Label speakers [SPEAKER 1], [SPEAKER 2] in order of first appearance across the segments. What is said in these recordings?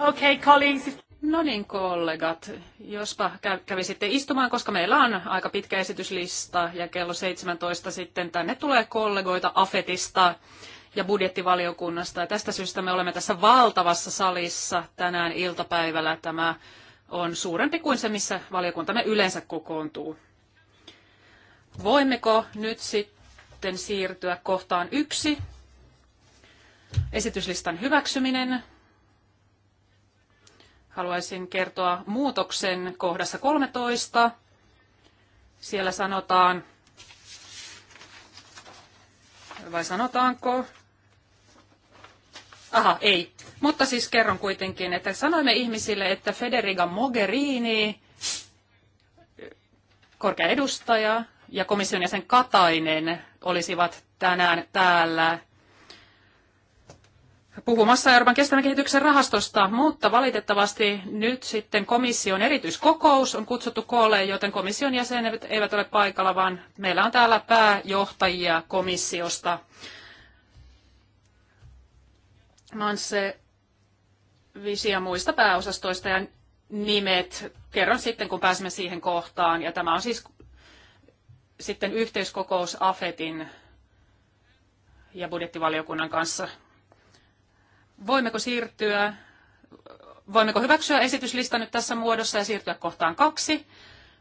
[SPEAKER 1] Okay, colleagues. No niin, kollegat, jospa kävisitte istumaan, koska meillä on aika pitkä esityslista ja kello 17 sitten tänne tulee kollegoita Afetista ja budjettivaliokunnasta. Ja tästä syystä me olemme tässä valtavassa salissa tänään iltapäivällä. Tämä on suurempi kuin se, missä valiokuntamme yleensä kokoontuu. Voimmeko nyt sitten siirtyä kohtaan yksi? Esityslistan hyväksyminen haluaisin kertoa muutoksen kohdassa 13. Siellä sanotaan, vai sanotaanko? Aha, ei. Mutta siis kerron kuitenkin, että sanoimme ihmisille, että Federica Mogherini, korkea edustaja ja komission jäsen Katainen olisivat tänään täällä puhumassa Euroopan kestävän kehityksen rahastosta, mutta valitettavasti nyt sitten komission erityiskokous on kutsuttu koolle, joten komission jäsenet eivät ole paikalla, vaan meillä on täällä pääjohtajia komissiosta. Manse Visia muista pääosastoista ja nimet kerron sitten, kun pääsemme siihen kohtaan. Ja tämä on siis sitten yhteiskokous AFETin ja budjettivaliokunnan kanssa voimmeko siirtyä, voimmeko hyväksyä esityslista nyt tässä muodossa ja siirtyä kohtaan kaksi.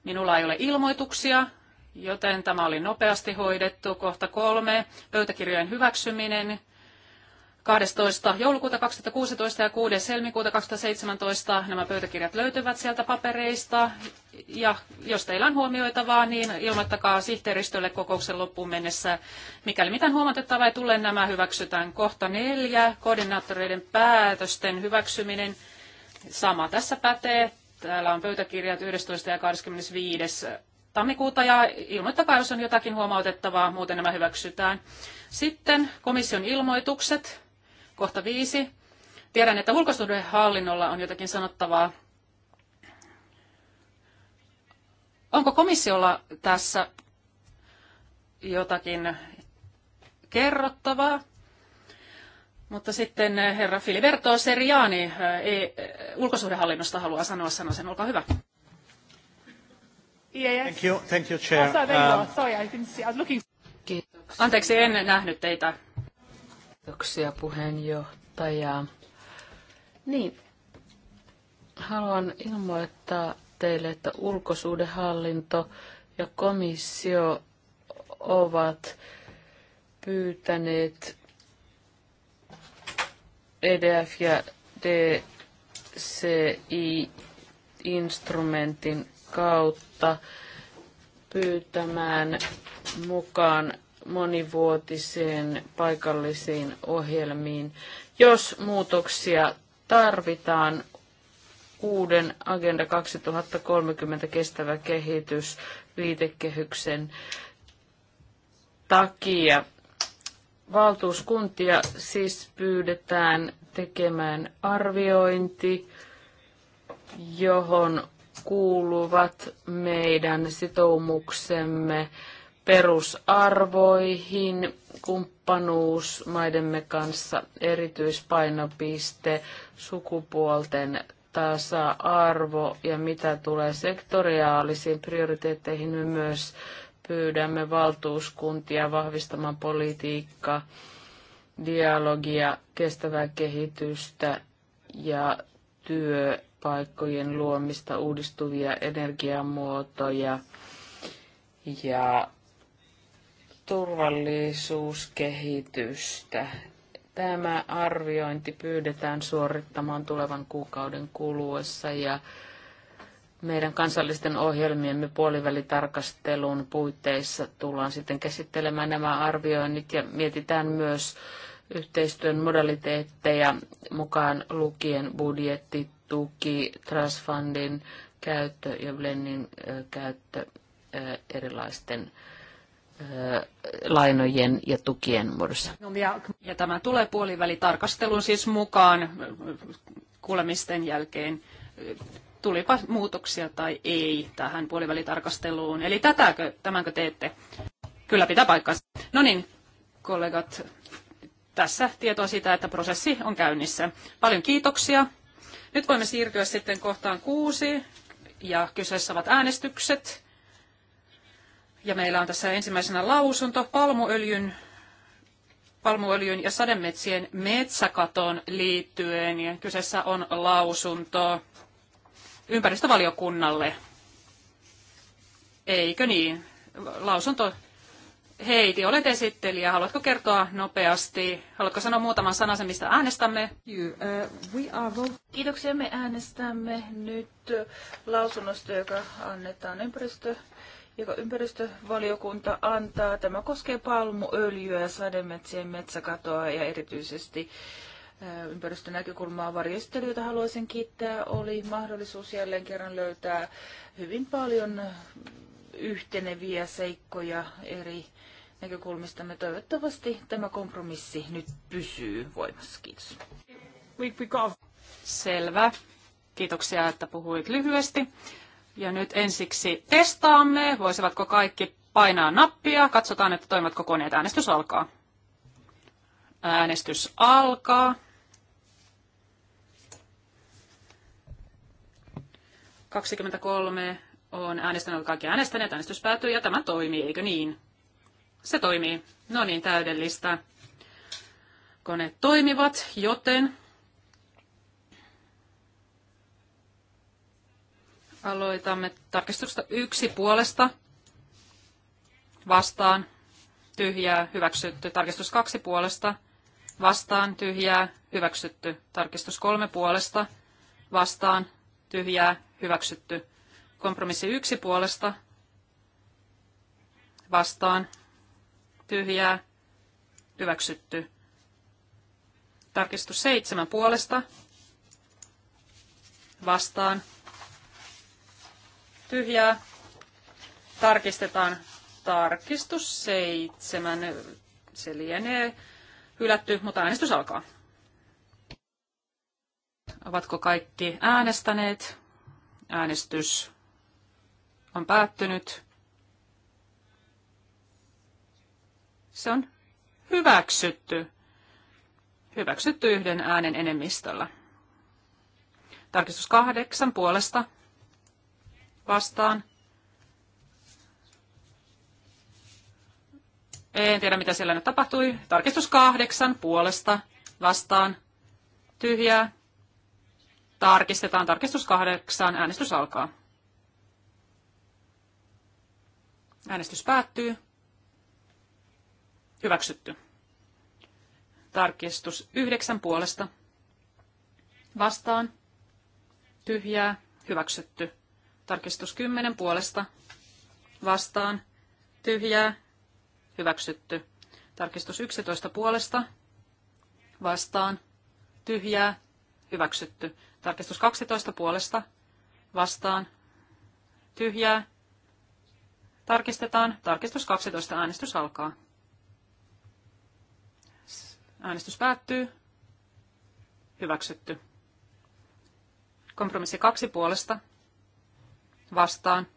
[SPEAKER 1] Minulla ei ole ilmoituksia, joten tämä oli nopeasti hoidettu. Kohta kolme, pöytäkirjojen hyväksyminen 12. joulukuuta 2016 ja 6. helmikuuta 2017 nämä pöytäkirjat löytyvät sieltä papereista. Ja jos teillä on huomioitavaa, niin ilmoittakaa sihteeristölle kokouksen loppuun mennessä. Mikäli mitään huomautettavaa ei tule, nämä hyväksytään. Kohta neljä, koordinaattoreiden päätösten hyväksyminen. Sama tässä pätee. Täällä on pöytäkirjat 11. ja 25 tammikuuta ja ilmoittakaa, jos on jotakin huomautettavaa, muuten nämä hyväksytään. Sitten komission ilmoitukset. Kohta viisi. Tiedän, että ulkosuhdehallinnolla on jotakin sanottavaa. Onko komissiolla tässä jotakin kerrottavaa? Mutta sitten eh, herra Filiberto Seriani eh, eh, ulkosuhdehallinnosta haluaa sanoa sen. Olkaa hyvä. Thank you, thank you, chair. Anteeksi, en nähnyt teitä.
[SPEAKER 2] Kiitoksia puheenjohtaja. Niin, haluan ilmoittaa teille, että ulkosuudenhallinto ja komissio ovat pyytäneet EDF ja DCI-instrumentin kautta pyytämään mukaan monivuotiseen paikallisiin ohjelmiin. Jos muutoksia tarvitaan, uuden Agenda 2030 kestävä kehitys viitekehyksen takia. Valtuuskuntia siis pyydetään tekemään arviointi, johon kuuluvat meidän sitoumuksemme perusarvoihin, kumppanuus maidemme kanssa, erityispainopiste, sukupuolten tasa-arvo ja mitä tulee sektoriaalisiin prioriteetteihin, me myös pyydämme valtuuskuntia vahvistamaan politiikkaa, dialogia, kestävää kehitystä ja työpaikkojen luomista, uudistuvia energiamuotoja ja turvallisuuskehitystä. Tämä arviointi pyydetään suorittamaan tulevan kuukauden kuluessa ja meidän kansallisten ohjelmiemme puolivälitarkastelun puitteissa tullaan sitten käsittelemään nämä arvioinnit ja mietitään myös yhteistyön modaliteetteja mukaan lukien budjetti, tuki, trustfundin käyttö ja blendin käyttö erilaisten lainojen ja tukien muodossa.
[SPEAKER 1] Ja tämä tulee puolivälitarkastelun siis mukaan kuulemisten jälkeen tulipa muutoksia tai ei tähän puolivälitarkasteluun. Eli tätäkö, tämänkö teette? Kyllä pitää paikkansa. No niin, kollegat, tässä tietoa siitä, että prosessi on käynnissä. Paljon kiitoksia. Nyt voimme siirtyä sitten kohtaan kuusi ja kyseessä ovat äänestykset. Ja meillä on tässä ensimmäisenä lausunto palmuöljyn, palmuöljyn ja sademetsien metsäkaton liittyen. Ja kyseessä on lausunto ympäristövaliokunnalle. Eikö niin? Lausunto Heiti, olet esittelijä. Haluatko kertoa nopeasti? Haluatko sanoa muutaman sen, mistä äänestämme?
[SPEAKER 3] Kiitoksia. Me äänestämme nyt lausunnosta, joka annetaan ympäristö- joka ympäristövaliokunta antaa. Tämä koskee palmuöljyä, sademetsien metsäkatoa ja erityisesti ympäristönäkökulmaa varjostelijoita haluaisin kiittää. Oli mahdollisuus jälleen kerran löytää hyvin paljon yhteneviä seikkoja eri näkökulmista. Me toivottavasti tämä kompromissi nyt pysyy voimassa. Kiitos.
[SPEAKER 1] Selvä. Kiitoksia, että puhuit lyhyesti. Ja nyt ensiksi testaamme, voisivatko kaikki painaa nappia. Katsotaan, että toimivatko koneet. Äänestys alkaa. Äänestys alkaa. Kaksikymmentäkolme on äänestänyt kaikki äänestäneet. Äänestys päätyy ja tämä toimii, eikö niin? Se toimii. No niin, täydellistä. Koneet toimivat, joten Aloitamme tarkistuksesta yksi puolesta vastaan tyhjää hyväksytty. Tarkistus kaksi puolesta vastaan tyhjää hyväksytty. Tarkistus kolme puolesta vastaan tyhjää hyväksytty. Kompromissi yksi puolesta vastaan tyhjää hyväksytty. Tarkistus seitsemän puolesta vastaan tyhjää. Tarkistetaan tarkistus seitsemän. Se lienee hylätty, mutta äänestys alkaa. Ovatko kaikki äänestäneet? Äänestys on päättynyt. Se on hyväksytty. Hyväksytty yhden äänen enemmistöllä. Tarkistus kahdeksan puolesta vastaan. En tiedä, mitä siellä nyt tapahtui. Tarkistus kahdeksan puolesta vastaan. Tyhjää. Tarkistetaan. Tarkistus kahdeksan. Äänestys alkaa. Äänestys päättyy. Hyväksytty. Tarkistus yhdeksän puolesta. Vastaan. Tyhjää. Hyväksytty. Tarkistus 10 puolesta vastaan tyhjää hyväksytty. Tarkistus 11 puolesta vastaan tyhjää hyväksytty. Tarkistus 12 puolesta vastaan tyhjää tarkistetaan. Tarkistus 12 äänestys alkaa. Äänestys päättyy. Hyväksytty. Kompromissi kaksi puolesta vastaan.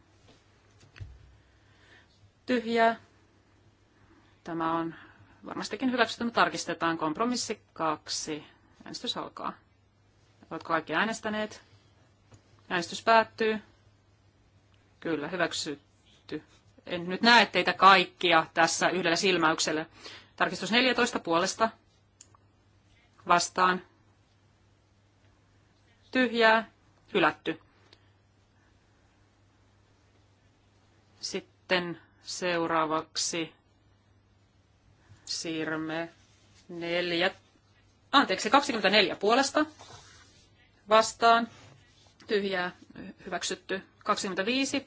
[SPEAKER 1] Tyhjää. Tämä on varmastikin hyväksytty, mutta tarkistetaan kompromissi kaksi. Äänestys alkaa. Oletko kaikki äänestäneet? Äänestys päättyy. Kyllä, hyväksytty. En nyt näe teitä kaikkia tässä yhdellä silmäyksellä. Tarkistus 14 puolesta. Vastaan. Tyhjää. Hylätty. Sitten seuraavaksi siirrymme neljä, anteeksi, 24 puolesta vastaan, tyhjää, hyväksytty, 25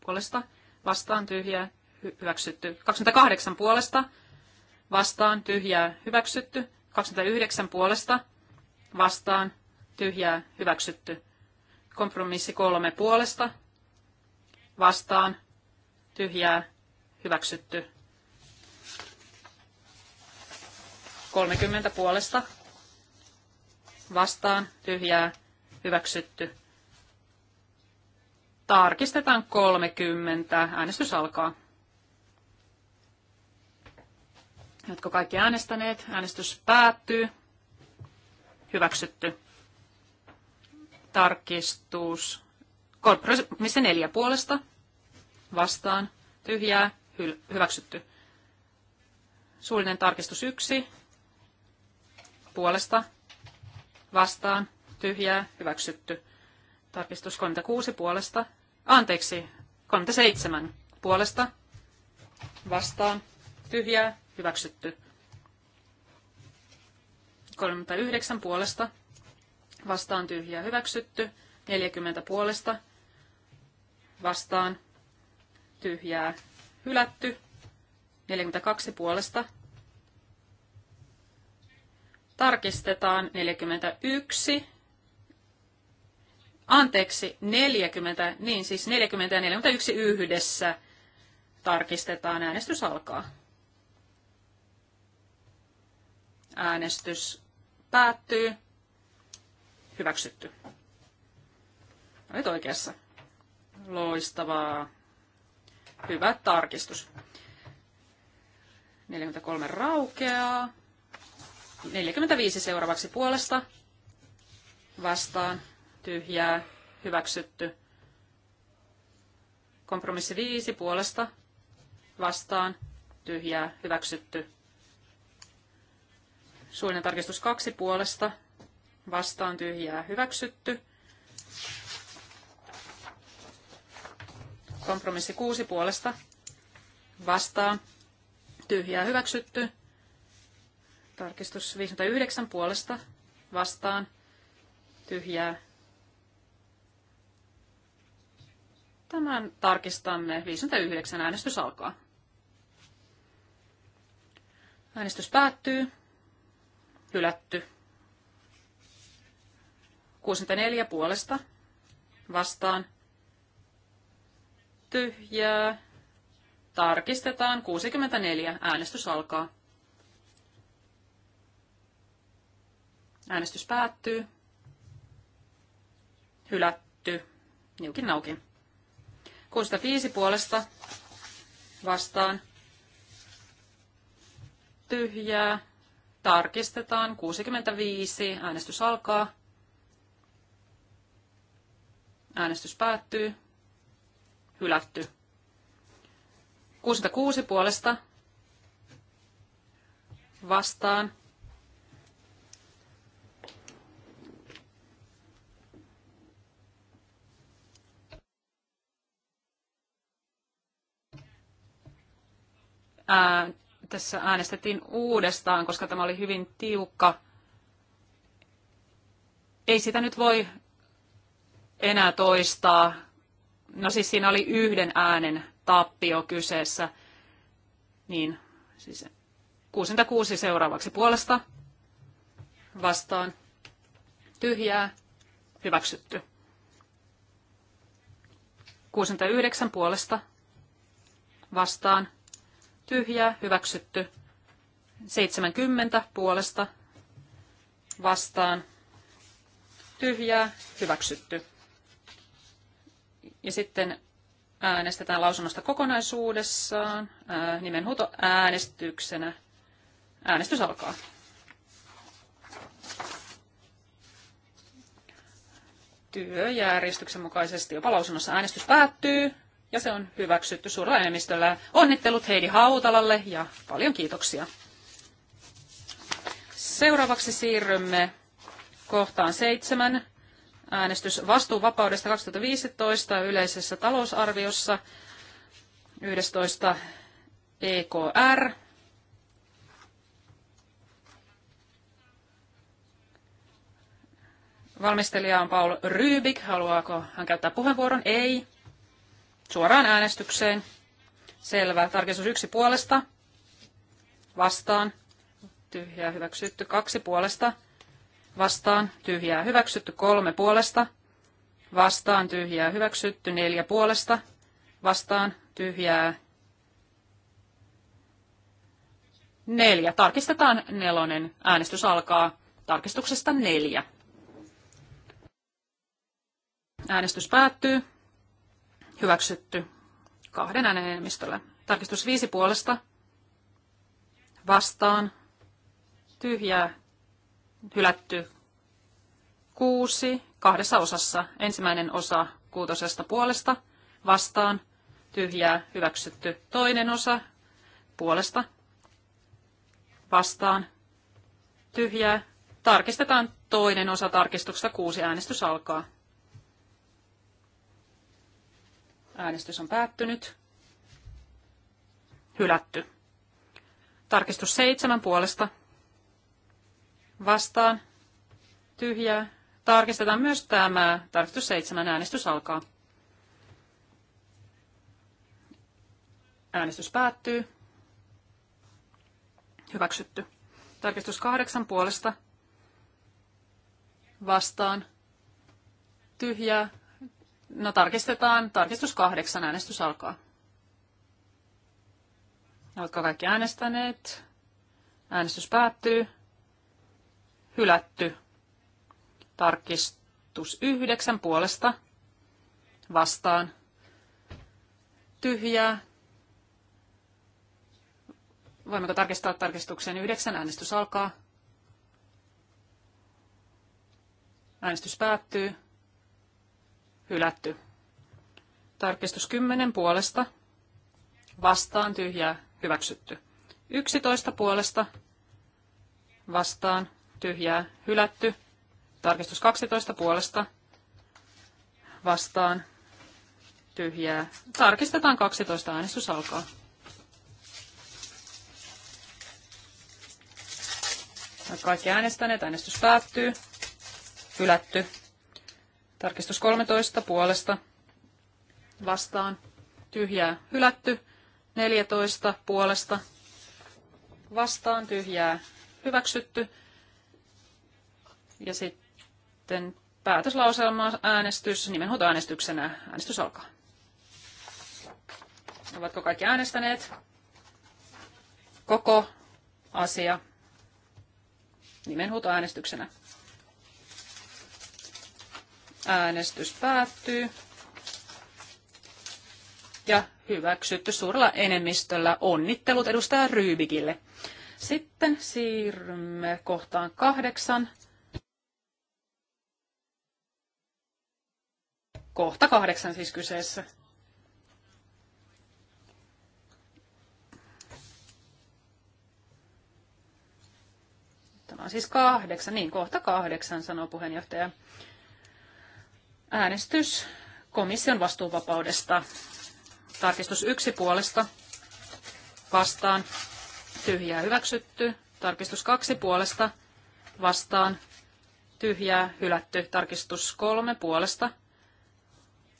[SPEAKER 1] puolesta, vastaan, tyhjää, hyväksytty, 28 puolesta, vastaan, tyhjää, hyväksytty, 29 puolesta, vastaan, tyhjää, hyväksytty, kompromissi kolme puolesta, vastaan tyhjää hyväksytty. 30 puolesta vastaan tyhjää hyväksytty. Tarkistetaan 30. Äänestys alkaa. Jotka kaikki äänestäneet, äänestys päättyy. Hyväksytty. Tarkistus. Kompromissi neljä puolesta vastaan, tyhjää, hyl- hyväksytty. Suullinen tarkistus 1, puolesta, vastaan, tyhjää, hyväksytty. Tarkistus 36 puolesta, anteeksi, 37 puolesta, vastaan, tyhjää, hyväksytty. 39 puolesta, vastaan tyhjää, hyväksytty. 40 puolesta, vastaan, tyhjää hylätty. 42 puolesta tarkistetaan 41. Anteeksi, 40, niin siis 40 ja 41 yhdessä tarkistetaan. Äänestys alkaa. Äänestys päättyy. Hyväksytty. Olet oikeassa. Loistavaa. Hyvä tarkistus. 43 raukeaa. 45 seuraavaksi puolesta. Vastaan. Tyhjää. Hyväksytty. Kompromissi 5 puolesta. Vastaan. Tyhjää. Hyväksytty. Suullinen tarkistus 2 puolesta. Vastaan. Tyhjää. Hyväksytty. Kompromissi kuusi puolesta vastaan. Tyhjää hyväksytty. Tarkistus 59 puolesta vastaan. Tyhjää. Tämän tarkistamme. 59 äänestys alkaa. Äänestys päättyy. Hylätty. 64 puolesta vastaan tyhjää. Tarkistetaan 64. Äänestys alkaa. Äänestys päättyy. Hylätty. Niukin naukin. 65 puolesta vastaan. Tyhjää. Tarkistetaan. 65. Äänestys alkaa. Äänestys päättyy hylätty. 66 puolesta vastaan. Ää, tässä äänestettiin uudestaan, koska tämä oli hyvin tiukka. Ei sitä nyt voi enää toistaa no siis siinä oli yhden äänen tappio kyseessä, niin siis 66 seuraavaksi puolesta vastaan tyhjää hyväksytty. 69 puolesta vastaan tyhjää hyväksytty. 70 puolesta vastaan tyhjää hyväksytty. Ja sitten äänestetään lausunnosta kokonaisuudessaan nimenhuuto äänestyksenä. Äänestys alkaa. Työjärjestyksen mukaisesti jopa lausunnossa äänestys päättyy ja se on hyväksytty suurella enemmistöllä. Onnittelut Heidi Hautalalle ja paljon kiitoksia. Seuraavaksi siirrymme kohtaan seitsemän äänestys vastuuvapaudesta 2015 yleisessä talousarviossa 11 EKR. Valmistelija on Paul Rybik. Haluaako hän käyttää puheenvuoron? Ei. Suoraan äänestykseen. Selvä. Tarkistus yksi puolesta. Vastaan. Tyhjää hyväksytty. Kaksi puolesta vastaan tyhjää hyväksytty kolme puolesta, vastaan tyhjää hyväksytty neljä puolesta, vastaan tyhjää neljä. Tarkistetaan nelonen. Äänestys alkaa tarkistuksesta neljä. Äänestys päättyy. Hyväksytty kahden äänen enemmistöllä. Tarkistus viisi puolesta. Vastaan. Tyhjää hylätty kuusi kahdessa osassa. Ensimmäinen osa kuutosesta puolesta vastaan tyhjää hyväksytty. Toinen osa puolesta vastaan tyhjää. Tarkistetaan toinen osa tarkistuksesta. Kuusi äänestys alkaa. Äänestys on päättynyt. Hylätty. Tarkistus seitsemän puolesta vastaan, tyhjää. Tarkistetaan myös tämä. Tarkistus 7. Äänestys alkaa. Äänestys päättyy. Hyväksytty. Tarkistus 8 puolesta. Vastaan. Tyhjää. No tarkistetaan. Tarkistus 8. Äänestys alkaa. Oletko kaikki äänestäneet? Äänestys päättyy hylätty. Tarkistus yhdeksän puolesta vastaan tyhjää. Voimmeko tarkistaa tarkistuksen yhdeksän? Äänestys alkaa. Äänestys päättyy. Hylätty. Tarkistus 10 puolesta. Vastaan tyhjää. Hyväksytty. 11 puolesta. Vastaan tyhjää hylätty. Tarkistus 12 puolesta vastaan tyhjää. Tarkistetaan 12. Äänestys alkaa. Kaikki äänestäneet. Äänestys päättyy. Hylätty. Tarkistus 13 puolesta vastaan tyhjää hylätty. 14 puolesta vastaan tyhjää hyväksytty. Ja sitten päätöslauselma äänestys nimenhuutoäänestyksenä. Äänestys alkaa. Ovatko kaikki äänestäneet? Koko asia äänestyksenä, Äänestys päättyy. Ja hyväksytty suurella enemmistöllä. Onnittelut edustaja Ryybikille. Sitten siirrymme kohtaan kahdeksan. kohta kahdeksan siis kyseessä. Tämä on siis kahdeksan, niin kohta kahdeksan, sanoo puheenjohtaja. Äänestys komission vastuuvapaudesta. Tarkistus yksi puolesta vastaan. Tyhjää hyväksytty. Tarkistus kaksi puolesta vastaan. Tyhjää hylätty. Tarkistus kolme puolesta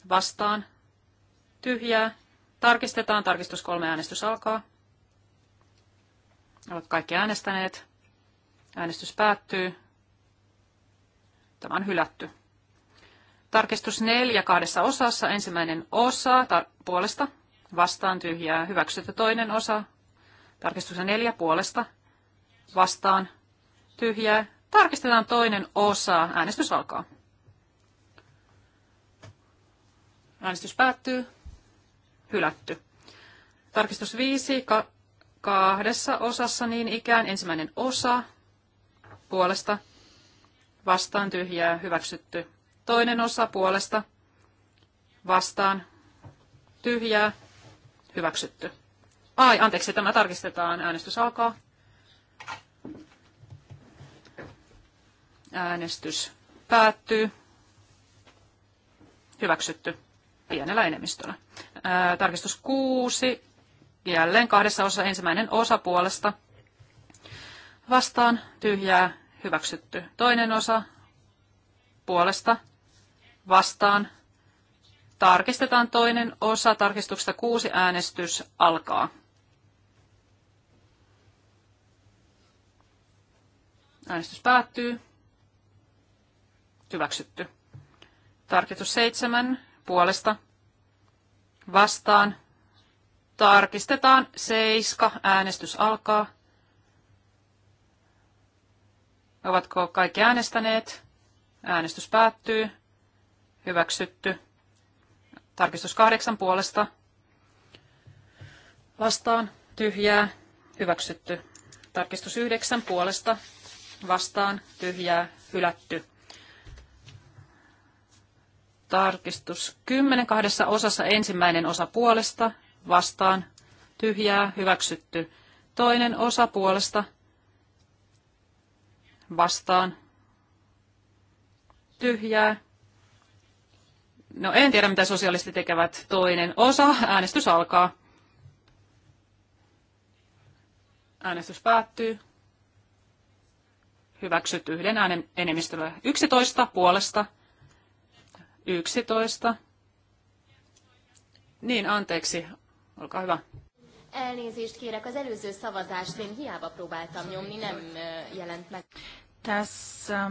[SPEAKER 1] vastaan, tyhjää. Tarkistetaan, tarkistus kolme äänestys alkaa. Olet kaikki äänestäneet. Äänestys päättyy. Tämä on hylätty. Tarkistus neljä kahdessa osassa. Ensimmäinen osa puolesta vastaan tyhjää hyväksytty. Toinen osa tarkistus neljä puolesta vastaan tyhjää. Tarkistetaan toinen osa. Äänestys alkaa. Äänestys päättyy. Hylätty. Tarkistus 5 ka- kahdessa osassa niin ikään. Ensimmäinen osa puolesta vastaan tyhjää hyväksytty. Toinen osa puolesta vastaan tyhjää hyväksytty. Ai, anteeksi, tämä tarkistetaan. Äänestys alkaa. Äänestys päättyy. Hyväksytty pienellä enemmistöllä. Ää, tarkistus 6, jälleen kahdessa osassa ensimmäinen osa puolesta. Vastaan tyhjää hyväksytty. Toinen osa puolesta vastaan. Tarkistetaan toinen osa. Tarkistuksesta kuusi äänestys alkaa. Äänestys päättyy. Hyväksytty. Tarkistus seitsemän puolesta vastaan. Tarkistetaan seiska. Äänestys alkaa. Ovatko kaikki äänestäneet? Äänestys päättyy. Hyväksytty. Tarkistus kahdeksan puolesta. Vastaan. Tyhjää. Hyväksytty. Tarkistus yhdeksän puolesta. Vastaan. Tyhjää. Hylätty. Tarkistus kymmenen kahdessa osassa ensimmäinen osa puolesta, vastaan, tyhjää, hyväksytty. Toinen osa puolesta, vastaan, tyhjää. No en tiedä, mitä sosialistit tekevät. Toinen osa, äänestys alkaa. Äänestys päättyy. Hyväksytty yhden äänen enemmistöllä 11 puolesta, 11. Niin, anteeksi. Olkaa hyvä.
[SPEAKER 3] Elnézést kérek, az előző szavazást én hiába próbáltam nyomni, nem jelent meg. Tässä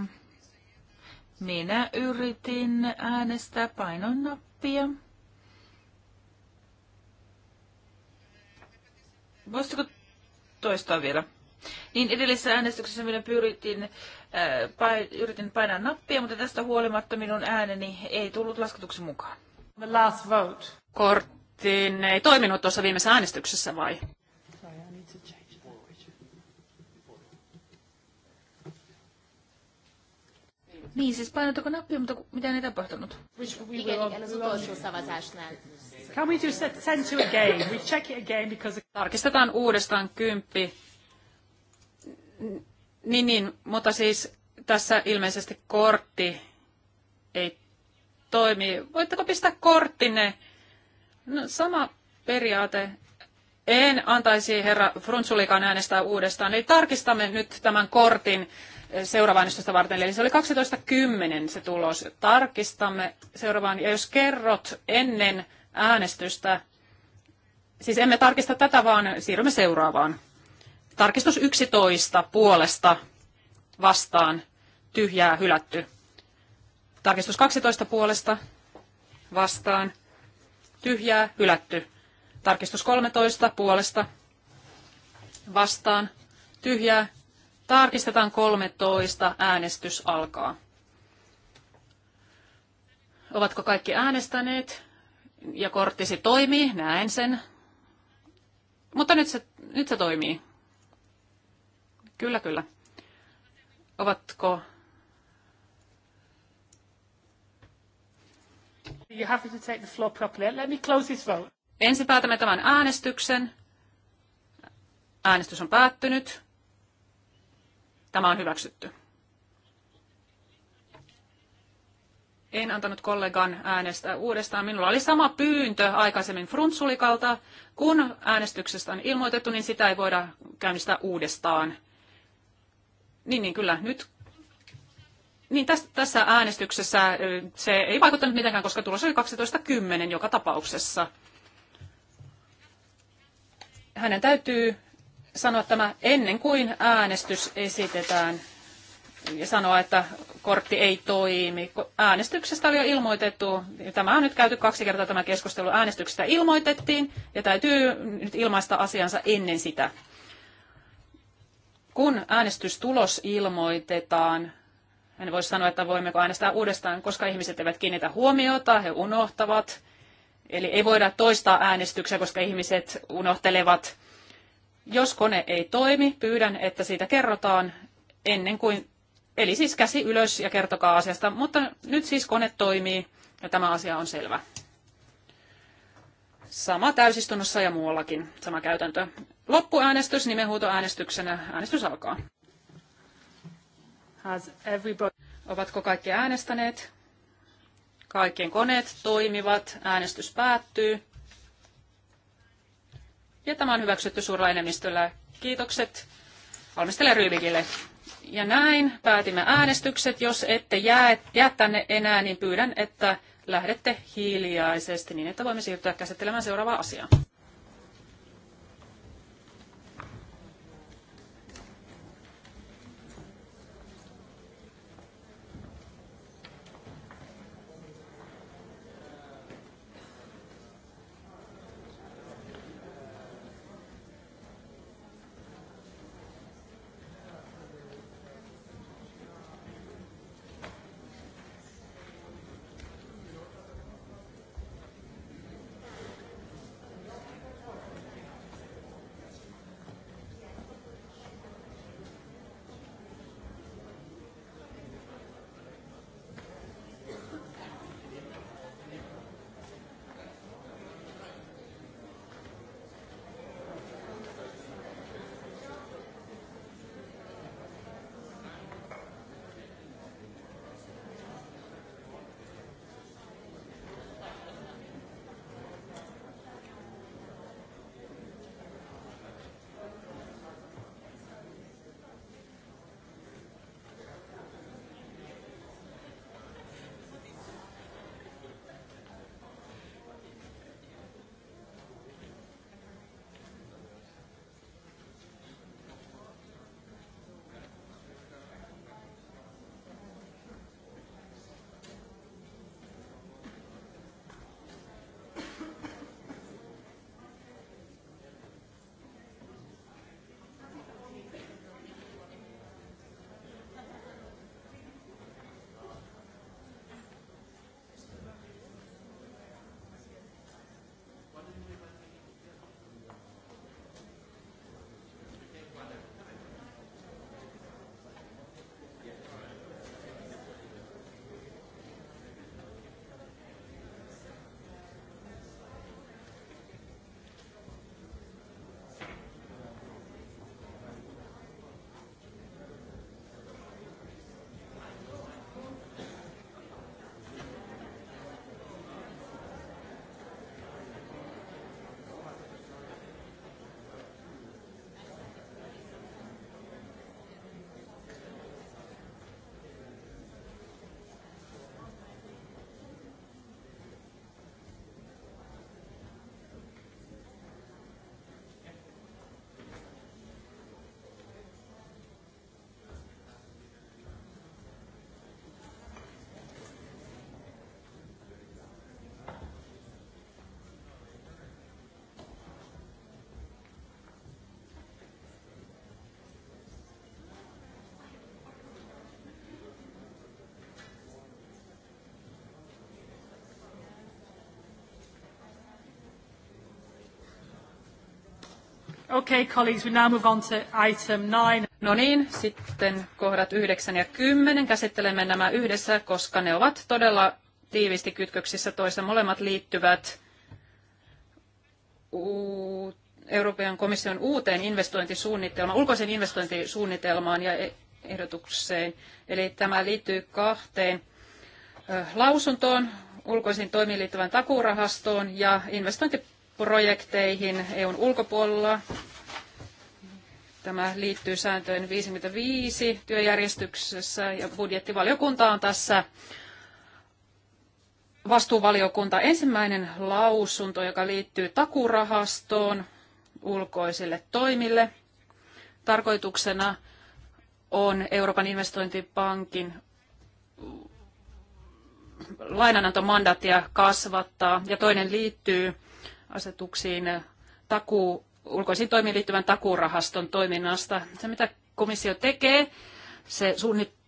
[SPEAKER 3] minä yritin äänestää painon nappia. Voisitko toistaa vielä? Niin edellisessä äänestyksessä minä pyritin yritin painaa nappia, mutta tästä huolimatta minun ääneni ei tullut lasketuksen mukaan. The last vote.
[SPEAKER 1] Korttiin ei toiminut tuossa viimeisessä äänestyksessä vai?
[SPEAKER 3] Niin, siis painottako nappia, mutta mitä ei tapahtunut.
[SPEAKER 1] Can we just send to again? We check it again because... Tarkistetaan uudestaan kymppi. Niin, niin, mutta siis tässä ilmeisesti kortti ei toimi. Voitteko pistää korttinne? No, sama periaate. En antaisi herra Frunzulikan äänestää uudestaan. Eli tarkistamme nyt tämän kortin eh, seuraavaan äänestystä varten. Eli se oli 12.10 se tulos. Tarkistamme seuraavaan. Ja jos kerrot ennen äänestystä, siis emme tarkista tätä, vaan siirrymme seuraavaan. Tarkistus 11 puolesta vastaan tyhjää hylätty. Tarkistus 12 puolesta vastaan tyhjää hylätty. Tarkistus 13 puolesta vastaan tyhjää. Tarkistetaan 13. Äänestys alkaa. Ovatko kaikki äänestäneet? Ja korttisi toimii, näen sen. Mutta nyt se, nyt se toimii. Kyllä, kyllä. Ovatko... You have to take the floor properly. Let me close this vote. Ensin päätämme tämän äänestyksen. Äänestys on päättynyt. Tämä on hyväksytty. En antanut kollegan äänestää uudestaan. Minulla oli sama pyyntö aikaisemmin Frunzulikalta. Kun äänestyksestä on ilmoitettu, niin sitä ei voida käynnistää uudestaan. Niin, niin kyllä, nyt niin tässä äänestyksessä se ei vaikuttanut mitenkään, koska tulos oli 12.10 joka tapauksessa. Hänen täytyy sanoa tämä ennen kuin äänestys esitetään ja sanoa, että kortti ei toimi. Äänestyksestä oli jo ilmoitettu, tämä on nyt käyty kaksi kertaa tämä keskustelu, äänestyksestä ilmoitettiin ja täytyy nyt ilmaista asiansa ennen sitä kun äänestystulos ilmoitetaan, en voi sanoa, että voimmeko äänestää uudestaan, koska ihmiset eivät kiinnitä huomiota, he unohtavat. Eli ei voida toistaa äänestyksiä, koska ihmiset unohtelevat. Jos kone ei toimi, pyydän, että siitä kerrotaan ennen kuin, eli siis käsi ylös ja kertokaa asiasta. Mutta nyt siis kone toimii ja tämä asia on selvä. Sama täysistunnossa ja muuallakin, sama käytäntö. Loppuäänestys nimenhuutoäänestyksenä. Äänestys alkaa. Has everybody... Ovatko kaikki äänestäneet? Kaikkien koneet toimivat. Äänestys päättyy. Ja tämä on hyväksytty suurella enemmistöllä. Kiitokset valmistele rybikille. Ja näin päätimme äänestykset. Jos ette jää, jää tänne enää, niin pyydän, että lähdette hiljaisesti niin, että voimme siirtyä käsittelemään seuraavaa asiaa. Okay, colleagues, we now move on to item nine. No niin, sitten kohdat 9 ja 10. Käsittelemme nämä yhdessä, koska ne ovat todella tiivisti kytköksissä toisen Molemmat liittyvät Euroopan komission uuteen investointisuunnitelmaan, ulkoisen investointisuunnitelmaan ja e- ehdotukseen. Eli tämä liittyy kahteen lausuntoon, ulkoisiin toimiin liittyvän takuurahastoon ja investointiprojekteihin EUn ulkopuolella Tämä liittyy sääntöön 55 työjärjestyksessä ja budjettivaliokunta on tässä vastuuvaliokunta. Ensimmäinen lausunto, joka liittyy takurahastoon ulkoisille toimille. Tarkoituksena on Euroopan investointipankin lainanantomandaattia kasvattaa ja toinen liittyy asetuksiin takuu ulkoisiin toimiin liittyvän takuurahaston toiminnasta. Se, mitä komissio tekee, se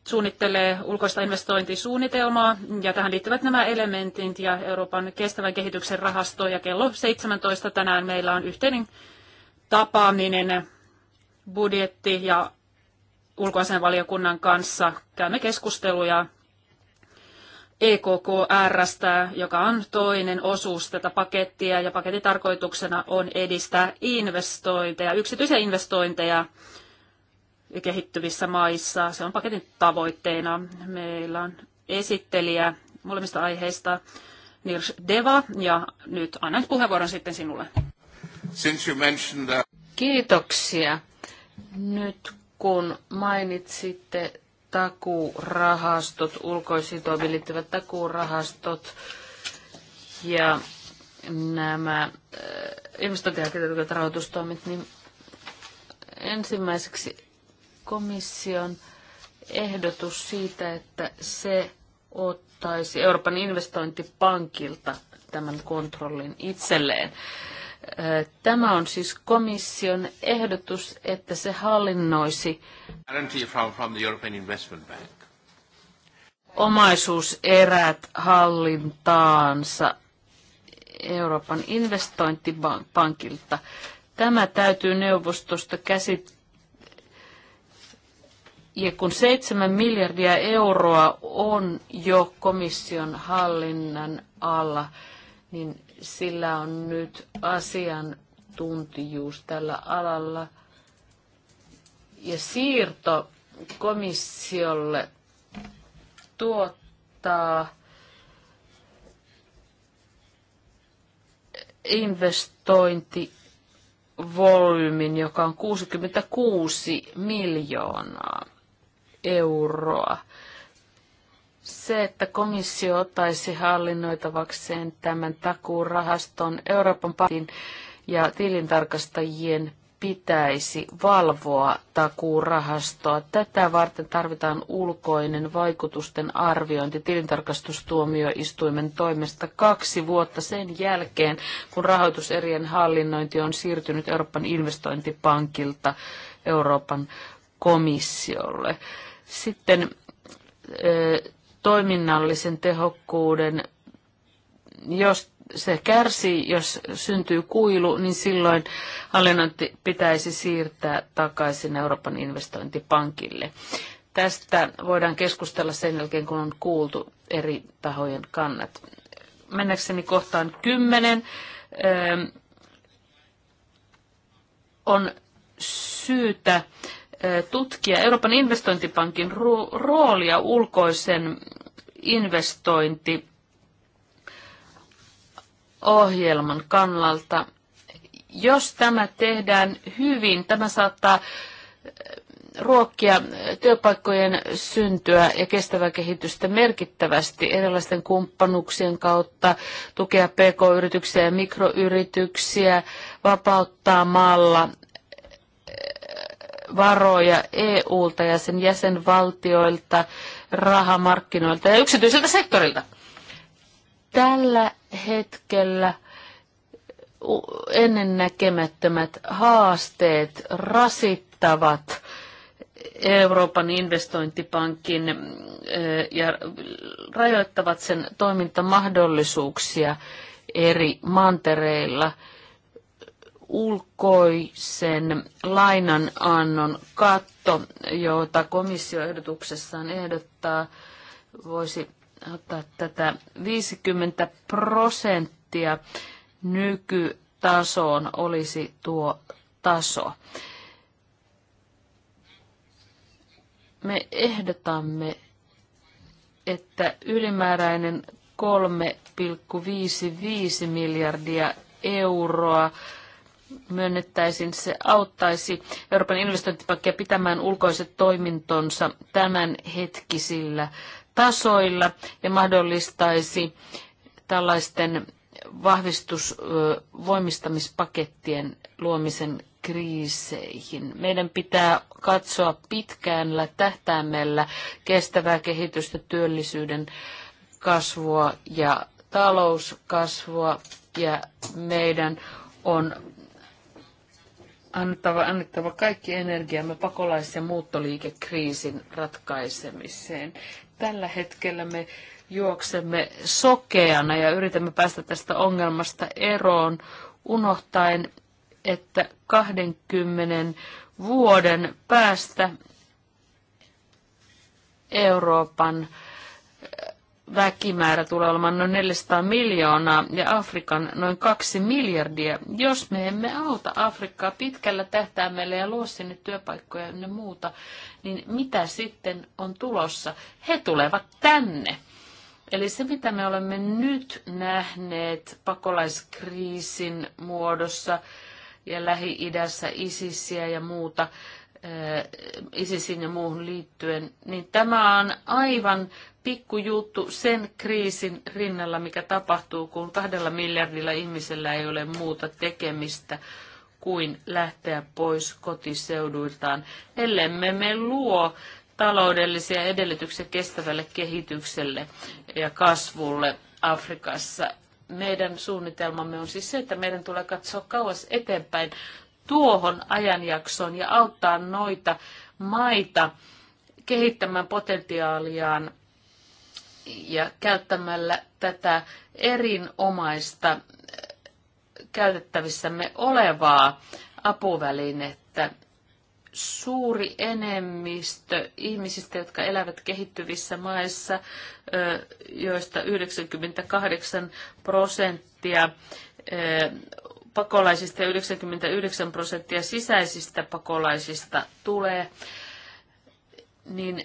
[SPEAKER 1] suunnittelee ulkoista investointisuunnitelmaa, ja tähän liittyvät nämä elementit ja Euroopan kestävän kehityksen rahasto, ja kello 17 tänään meillä on yhteinen tapaaminen budjetti- ja valiokunnan kanssa. Käymme keskusteluja EKKRstä, joka on toinen osuus tätä pakettia, ja paketin tarkoituksena on edistää investointeja, yksityisiä investointeja kehittyvissä maissa. Se on paketin tavoitteena. Meillä on esittelijä molemmista aiheista Nirsh Deva, ja nyt annan puheenvuoron sitten sinulle. Kiitoksia.
[SPEAKER 2] Nyt kun mainitsitte takuurahastot, ulkoisitoimiin liittyvät takuurahastot ja nämä äh, investointihankkeet rahoitustoimit, niin ensimmäiseksi komission ehdotus siitä, että se ottaisi Euroopan investointipankilta tämän kontrollin itselleen. Äh, Tämä on siis komission ehdotus, että se hallinnoisi omaisuuserät hallintaansa Euroopan investointipankilta. Tämä täytyy neuvostosta käsittää. Ja kun 7 miljardia euroa on jo komission hallinnan alla, niin sillä on nyt asiantuntijuus tällä alalla. Ja siirto komissiolle tuottaa investointivolyymin, joka on 66 miljoonaa euroa se, että komissio ottaisi hallinnoitavakseen tämän takuurahaston Euroopan pankin ja tilintarkastajien pitäisi valvoa takuurahastoa. Tätä varten tarvitaan ulkoinen vaikutusten arviointi tilintarkastustuomioistuimen toimesta kaksi vuotta sen jälkeen, kun rahoituserien hallinnointi on siirtynyt Euroopan investointipankilta Euroopan komissiolle. Sitten toiminnallisen tehokkuuden. Jos se kärsii, jos syntyy kuilu, niin silloin hallinnointi pitäisi siirtää takaisin Euroopan investointipankille. Tästä voidaan keskustella sen jälkeen, kun on kuultu eri tahojen kannat. Mennäkseni kohtaan kymmenen. Öö, on syytä tutkia Euroopan investointipankin roolia ulkoisen investointi ohjelman kannalta. Jos tämä tehdään hyvin, tämä saattaa ruokkia työpaikkojen syntyä ja kestävää kehitystä merkittävästi erilaisten kumppanuuksien kautta, tukea pk-yrityksiä ja mikroyrityksiä, vapauttaa maalla varoja EUlta ja sen jäsenvaltioilta, rahamarkkinoilta ja yksityiseltä sektorilta. Tällä hetkellä ennennäkemättömät haasteet rasittavat Euroopan investointipankin ja rajoittavat sen toimintamahdollisuuksia eri mantereilla – ulkoisen lainanannon katto, jota komissio ehdotuksessaan ehdottaa, voisi ottaa tätä 50 prosenttia nykytasoon olisi tuo taso. Me ehdotamme, että ylimääräinen 3,55 miljardia euroa myönnettäisiin, se auttaisi Euroopan investointipankkia pitämään ulkoiset toimintonsa tämänhetkisillä tasoilla ja mahdollistaisi tällaisten vahvistusvoimistamispakettien luomisen kriiseihin. Meidän pitää katsoa pitkäänllä tähtäimellä kestävää kehitystä, työllisyyden kasvua ja talouskasvua ja meidän on annettava, annettava kaikki energiamme pakolais- ja muuttoliikekriisin ratkaisemiseen. Tällä hetkellä me juoksemme sokeana ja yritämme päästä tästä ongelmasta eroon, unohtaen, että 20 vuoden päästä Euroopan väkimäärä tulee olemaan noin 400 miljoonaa ja Afrikan noin 2 miljardia. Jos me emme auta Afrikkaa pitkällä tähtäimellä ja luo sinne työpaikkoja ja muuta, niin mitä sitten on tulossa? He tulevat tänne. Eli se, mitä me olemme nyt nähneet pakolaiskriisin muodossa ja Lähi-idässä ISISiä ja muuta, eh, ISISin ja muuhun liittyen, niin tämä on aivan pikkujuttu sen kriisin rinnalla, mikä tapahtuu, kun kahdella miljardilla ihmisellä ei ole muuta tekemistä kuin lähteä pois kotiseuduiltaan, ellemme me luo taloudellisia edellytyksiä kestävälle kehitykselle ja kasvulle Afrikassa. Meidän suunnitelmamme on siis se, että meidän tulee katsoa kauas eteenpäin tuohon ajanjaksoon ja auttaa noita maita kehittämään potentiaaliaan ja käyttämällä tätä erinomaista äh, käytettävissämme olevaa apuvälinettä suuri enemmistö ihmisistä, jotka elävät kehittyvissä maissa, äh, joista 98 prosenttia äh, pakolaisista ja 99 prosenttia sisäisistä pakolaisista tulee, niin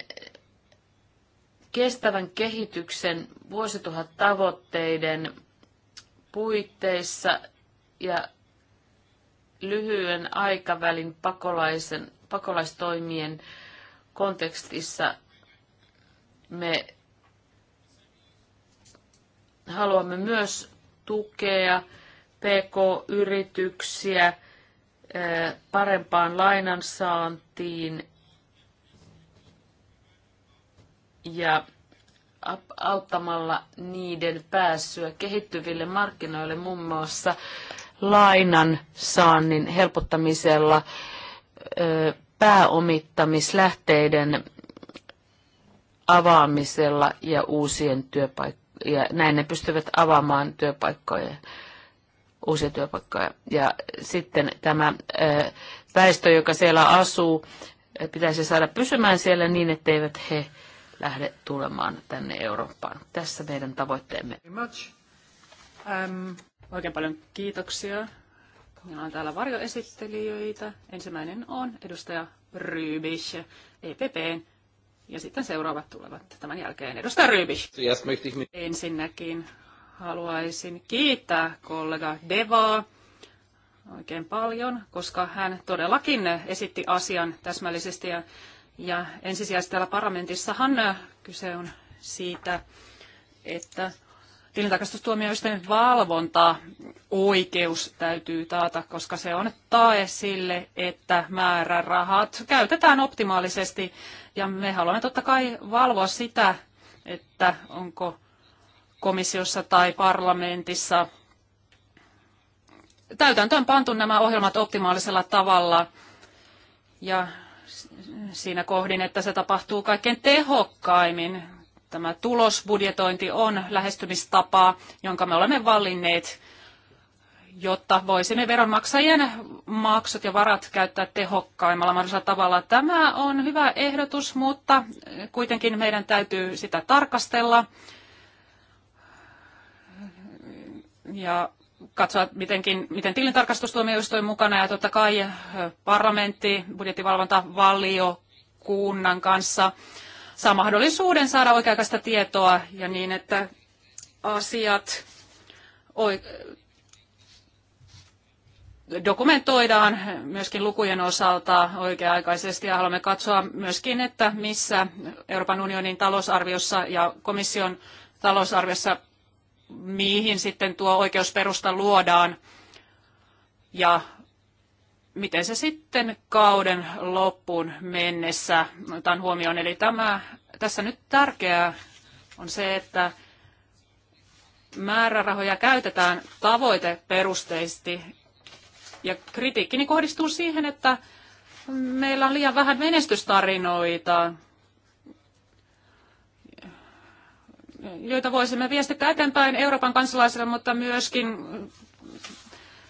[SPEAKER 2] kestävän kehityksen vuosituhat tavoitteiden puitteissa ja lyhyen aikavälin pakolaisen, pakolaistoimien kontekstissa me haluamme myös tukea PK-yrityksiä eh, parempaan lainansaantiin ja auttamalla niiden pääsyä kehittyville markkinoille muun muassa lainan saannin helpottamisella, pääomittamislähteiden avaamisella ja uusien työpaikkojen. Ja näin ne pystyvät avaamaan työpaikkoja, uusia työpaikkoja. Ja sitten tämä väestö, joka siellä asuu, pitäisi saada pysymään siellä niin, etteivät he lähde tulemaan tänne Eurooppaan. Tässä meidän tavoitteemme.
[SPEAKER 1] Um, oikein paljon kiitoksia. Meillä on täällä varjoesittelijöitä. Ensimmäinen on edustaja Rybisch, EPP. ja sitten seuraavat tulevat tämän jälkeen. Edustaja Rybisch. Ensinnäkin haluaisin kiittää kollega Devaa oikein paljon, koska hän todellakin esitti asian täsmällisesti ja ja ensisijaisesti täällä parlamentissahan kyse on siitä, että tilintarkastustuomioistuimen valvonta oikeus täytyy taata, koska se on tae sille, että määrärahat käytetään optimaalisesti. Ja me haluamme totta kai valvoa sitä, että onko komissiossa tai parlamentissa täytäntöön pantu nämä ohjelmat optimaalisella tavalla. Ja siinä kohdin, että se tapahtuu kaikkein tehokkaimmin. Tämä tulosbudjetointi on lähestymistapa, jonka me olemme valinneet, jotta voisimme veronmaksajien maksut ja varat käyttää tehokkaimmalla mahdollisella tavalla. Tämä on hyvä ehdotus, mutta kuitenkin meidän täytyy sitä tarkastella. Ja katsoa, mitenkin, miten tilintarkastustuomioistuin mukana ja totta kai eh, parlamentti, budjettivalvonta, valio, kunnan kanssa saa mahdollisuuden saada oikeaikaista tietoa ja niin, että asiat dokumentoidaan myöskin lukujen osalta oikea-aikaisesti ja haluamme katsoa myöskin, että missä Euroopan unionin talousarviossa ja komission talousarviossa mihin sitten tuo oikeusperusta luodaan ja miten se sitten kauden loppuun mennessä otetaan huomioon. Eli tämä, tässä nyt tärkeää on se, että määrärahoja käytetään tavoiteperusteisesti ja kritiikkini kohdistuu siihen, että meillä on liian vähän menestystarinoita joita voisimme viestittää eteenpäin Euroopan kansalaisille, mutta myöskin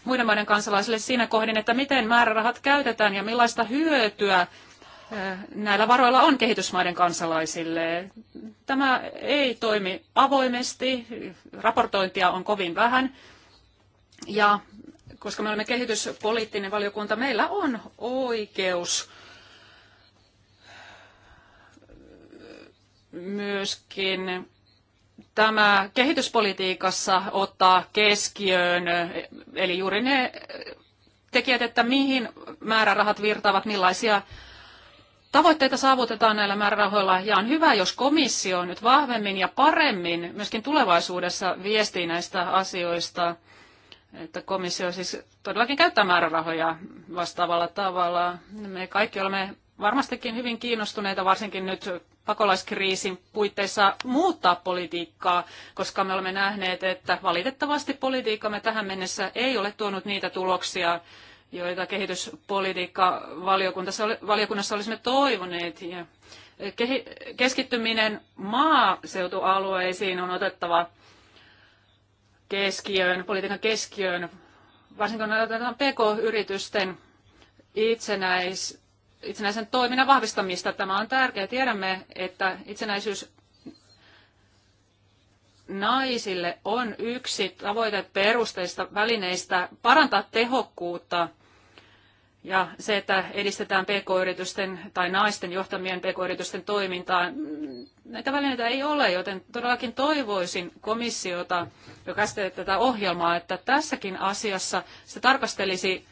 [SPEAKER 1] muiden maiden kansalaisille siinä kohdin, että miten määrärahat käytetään ja millaista hyötyä eh, näillä varoilla on kehitysmaiden kansalaisille. Tämä ei toimi avoimesti, raportointia on kovin vähän. Ja koska me olemme kehityspoliittinen valiokunta, meillä on oikeus myöskin tämä kehityspolitiikassa ottaa keskiöön, eli juuri ne tekijät, että mihin määrärahat virtaavat, millaisia tavoitteita saavutetaan näillä määrärahoilla. Ja on hyvä, jos komissio nyt vahvemmin ja paremmin myöskin tulevaisuudessa viestii näistä asioista, että komissio siis todellakin käyttää määrärahoja vastaavalla tavalla. Me kaikki olemme varmastikin hyvin kiinnostuneita varsinkin nyt pakolaiskriisin puitteissa muuttaa politiikkaa, koska me olemme nähneet, että valitettavasti politiikkamme tähän mennessä ei ole tuonut niitä tuloksia, joita kehityspolitiikka valiokunnassa olisimme toivoneet. Ja keskittyminen maaseutualueisiin on otettava keskiöön, politiikan keskiöön, varsinkin kun otetaan pk-yritysten itsenäis, itsenäisen toiminnan vahvistamista. Tämä on tärkeää. Tiedämme, että itsenäisyys naisille on yksi tavoite perusteista välineistä parantaa tehokkuutta ja se, että edistetään pk-yritysten tai naisten johtamien pk-yritysten toimintaa. Näitä välineitä ei ole, joten todellakin toivoisin komissiota, joka tätä ohjelmaa, että tässäkin asiassa se tarkastelisi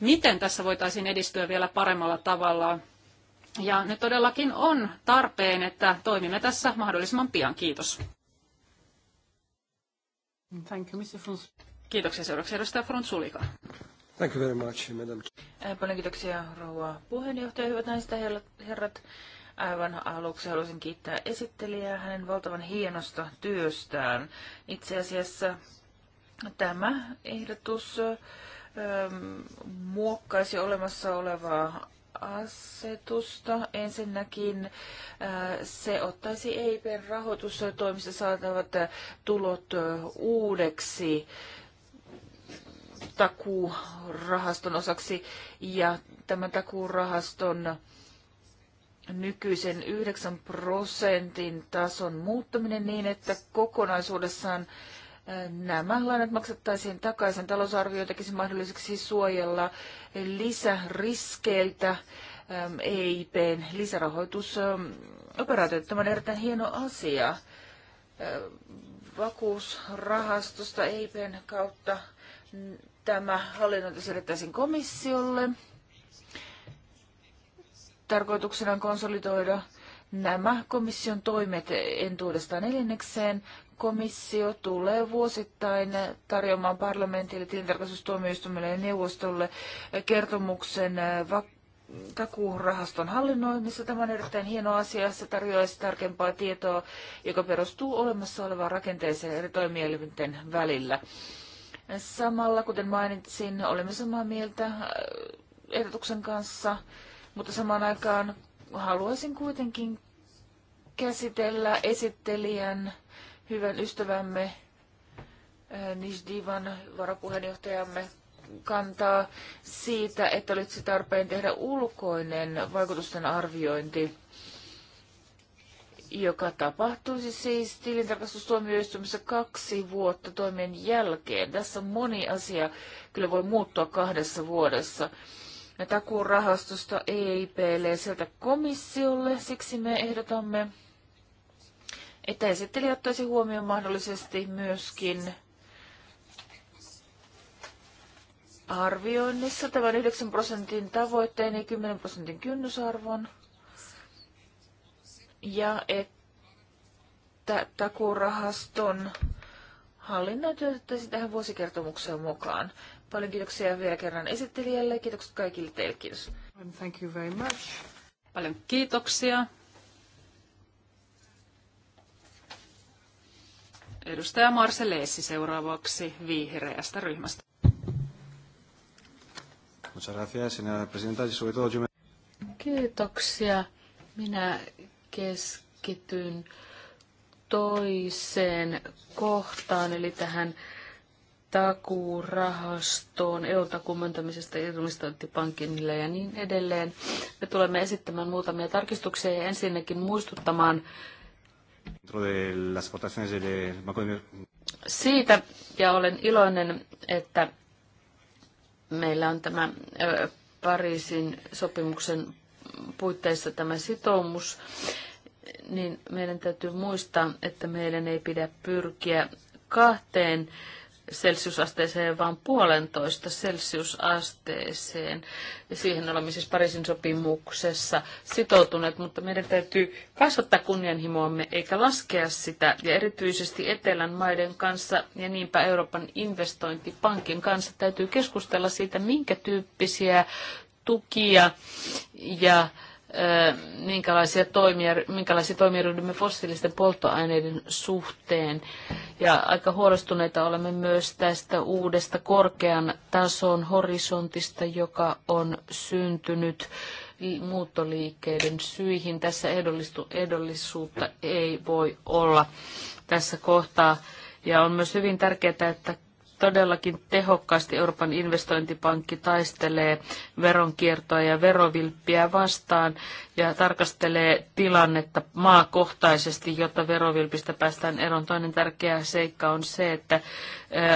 [SPEAKER 1] miten tässä voitaisiin edistyä vielä paremmalla tavalla. Ja nyt todellakin on tarpeen, että toimimme tässä mahdollisimman pian. Kiitos. Thank you, Mr. Kiitoksia seuraavaksi
[SPEAKER 3] edustaja Frunzulika. Thank you very much, madam. Paljon kiitoksia rouva puheenjohtaja, hyvät naiset ja herrat. Aivan aluksi haluaisin kiittää esittelijää hänen valtavan hienosta työstään. Itse asiassa tämä ehdotus äh, muokkaisi olemassa olevaa asetusta. Ensinnäkin äh, se ottaisi EIPn rahoitustoimista saatavat äh, tulot uudeksi takuurahaston osaksi ja tämän takuurahaston nykyisen 9 prosentin tason muuttaminen niin, että kokonaisuudessaan Nämä lainat maksettaisiin takaisin. Talousarvio tekisi mahdolliseksi suojella lisäriskeiltä ähm, EIPn lisärahoitusoperaatio. Tämä on erittäin hieno asia. Ähm, vakuusrahastosta EIPn kautta tämä hallinnointi siirrettäisiin komissiolle. Tarkoituksena on konsolidoida nämä komission toimet entuudestaan neljännekseen komissio tulee vuosittain tarjoamaan parlamentille, tilintarkastustuomioistuimelle ja neuvostolle kertomuksen äh, takuurahaston hallinnoinnissa. Tämä on erittäin hieno asia. Se tarjoaisi tarkempaa tietoa, joka perustuu olemassa olevaan rakenteeseen eri toimielinten välillä. Samalla, kuten mainitsin, olemme samaa mieltä äh, ehdotuksen kanssa, mutta samaan aikaan haluaisin kuitenkin käsitellä esittelijän hyvän ystävämme eh, Nisdivan varapuheenjohtajamme kantaa siitä, että olisi tarpeen tehdä ulkoinen vaikutusten arviointi, joka tapahtuisi siis tilintarkastustuomioistuimessa kaksi vuotta toimen jälkeen. Tässä moni asia kyllä voi muuttua kahdessa vuodessa. takuun rahastosta EIPlle sieltä komissiolle, siksi me ehdotamme että esittelijä ottaisi huomioon mahdollisesti myöskin arvioinnissa tämän 9 prosentin tavoitteen ja 10 prosentin kynnysarvon. Ja että takurahaston hallinnon työtettäisiin tähän vuosikertomukseen mukaan. Paljon kiitoksia vielä kerran esittelijälle. Kiitokset kaikille teille. Kiitos. Thank you very much. Paljon kiitoksia.
[SPEAKER 1] Edustaja Marceleessi seuraavaksi vihreästä ryhmästä.
[SPEAKER 2] Kiitoksia. Minä keskityn toiseen kohtaan, eli tähän takuurahastoon, EUn takuumentamisesta investointipankille ja niin edelleen. Me tulemme esittämään muutamia tarkistuksia ja ensinnäkin muistuttamaan siitä, ja olen iloinen, että meillä on tämä Pariisin sopimuksen puitteissa tämä sitoumus, niin meidän täytyy muistaa, että meidän ei pidä pyrkiä kahteen celsiusasteeseen, vaan puolentoista celsiusasteeseen. Ja siihen olemme siis Pariisin sopimuksessa sitoutuneet, mutta meidän täytyy kasvattaa kunnianhimoamme eikä laskea sitä. Ja erityisesti Etelän maiden kanssa ja niinpä Euroopan investointipankin kanssa täytyy keskustella siitä, minkä tyyppisiä tukia ja minkälaisia toimia, minkälaisia toimia ryhdymme fossiilisten polttoaineiden suhteen. Ja aika huolestuneita olemme myös tästä uudesta korkean tason horisontista, joka on syntynyt muuttoliikkeiden syihin. Tässä ehdollisuutta ei voi olla tässä kohtaa. Ja on myös hyvin tärkeää, että todellakin tehokkaasti Euroopan investointipankki taistelee veronkiertoa ja verovilppiä vastaan ja tarkastelee tilannetta maakohtaisesti, jotta verovilpistä päästään eroon. Toinen tärkeä seikka on se, että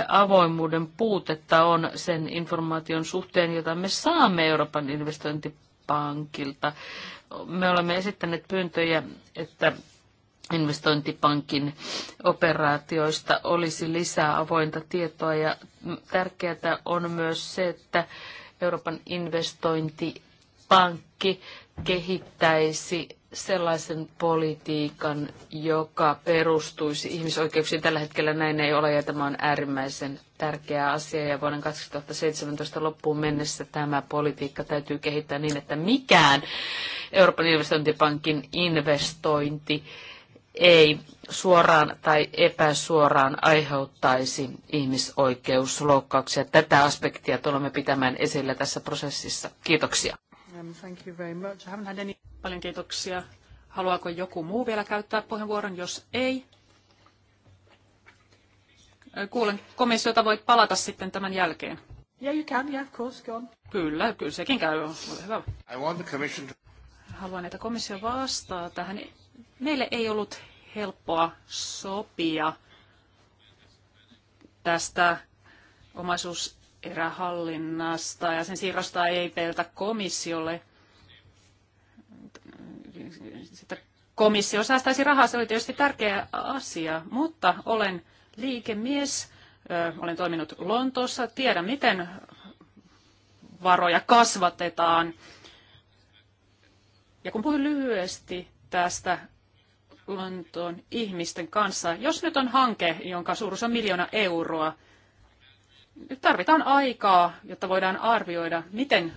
[SPEAKER 2] avoimuuden puutetta on sen informaation suhteen, jota me saamme Euroopan investointipankilta. Me olemme esittäneet pyyntöjä, että investointipankin operaatioista olisi lisää avointa tietoa ja tärkeää on myös se, että Euroopan investointipankki kehittäisi sellaisen politiikan, joka perustuisi ihmisoikeuksiin. Tällä hetkellä näin ei ole ja tämä on äärimmäisen tärkeä asia ja vuoden 2017 loppuun mennessä tämä politiikka täytyy kehittää niin, että mikään Euroopan investointipankin investointi ei suoraan tai epäsuoraan aiheuttaisi ihmisoikeusloukkauksia. Tätä aspektia tulemme pitämään esillä tässä prosessissa. Kiitoksia.
[SPEAKER 1] Um, thank you very much. I haven't had any... Paljon kiitoksia. Haluaako joku muu vielä käyttää puheenvuoron? Jos ei, kuulen komissiota. Voit palata sitten tämän jälkeen. Yeah, you can. Yeah, of course. Go on. Kyllä, kyllä sekin käy. Ole hyvä. I want the commission to... Haluan, että komissio vastaa tähän meille ei ollut helppoa sopia tästä omaisuuserähallinnasta ja sen siirrosta peltä komissiolle. Sitten komissio säästäisi rahaa, se oli tietysti tärkeä asia, mutta olen liikemies, olen toiminut Lontoossa, tiedän miten varoja kasvatetaan. Ja kun puhun lyhyesti tästä Lontoon ihmisten kanssa. Jos nyt on hanke, jonka suuruus on miljoona euroa, nyt tarvitaan aikaa, jotta voidaan arvioida, miten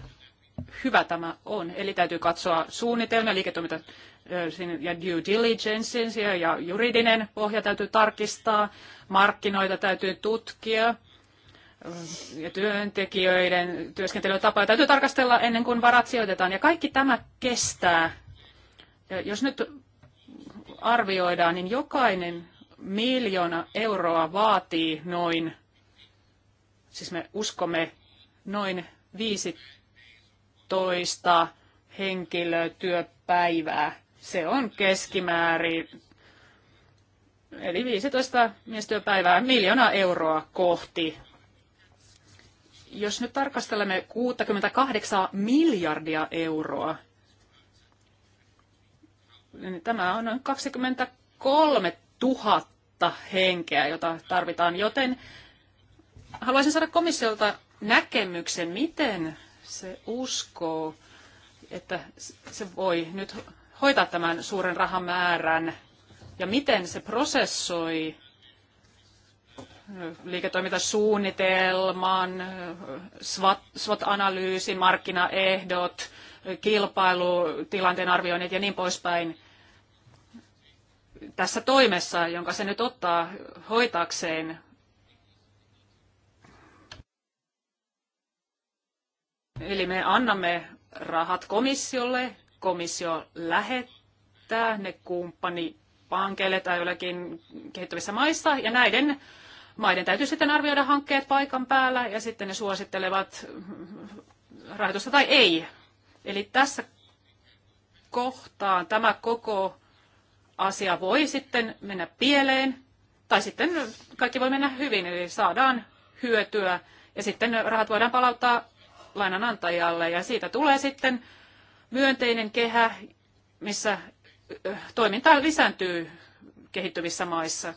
[SPEAKER 1] hyvä tämä on. Eli täytyy katsoa suunnitelmia, liiketoiminta ja due diligence ja juridinen pohja täytyy tarkistaa, markkinoita täytyy tutkia ja työntekijöiden työskentelytapoja täytyy tarkastella ennen kuin varat sijoitetaan. Ja kaikki tämä kestää jos nyt arvioidaan, niin jokainen miljoona euroa vaatii noin, siis me uskomme noin 15 henkilötyöpäivää. Se on keskimäärin, eli 15 miestyöpäivää miljoona euroa kohti. Jos nyt tarkastelemme 68 miljardia euroa, Tämä on noin 23 000 henkeä, jota tarvitaan, joten haluaisin saada komissiolta näkemyksen, miten se uskoo, että se voi nyt hoitaa tämän suuren rahamäärän ja miten se prosessoi liiketoimintasuunnitelman, SWOT-analyysin, markkinaehdot, kilpailutilanteen arvioinnit ja niin poispäin tässä toimessa, jonka se nyt ottaa hoitakseen Eli me annamme rahat komissiolle, komissio lähettää ne kumppanipankeille tai jollekin kehittyvissä maissa, ja näiden maiden täytyy sitten arvioida hankkeet paikan päällä, ja sitten ne suosittelevat rahoitusta tai ei. Eli tässä kohtaa tämä koko asia voi sitten mennä pieleen, tai sitten kaikki voi mennä hyvin, eli saadaan hyötyä, ja sitten rahat voidaan palauttaa lainanantajalle, ja siitä tulee sitten myönteinen kehä, missä toiminta lisääntyy kehittyvissä maissa.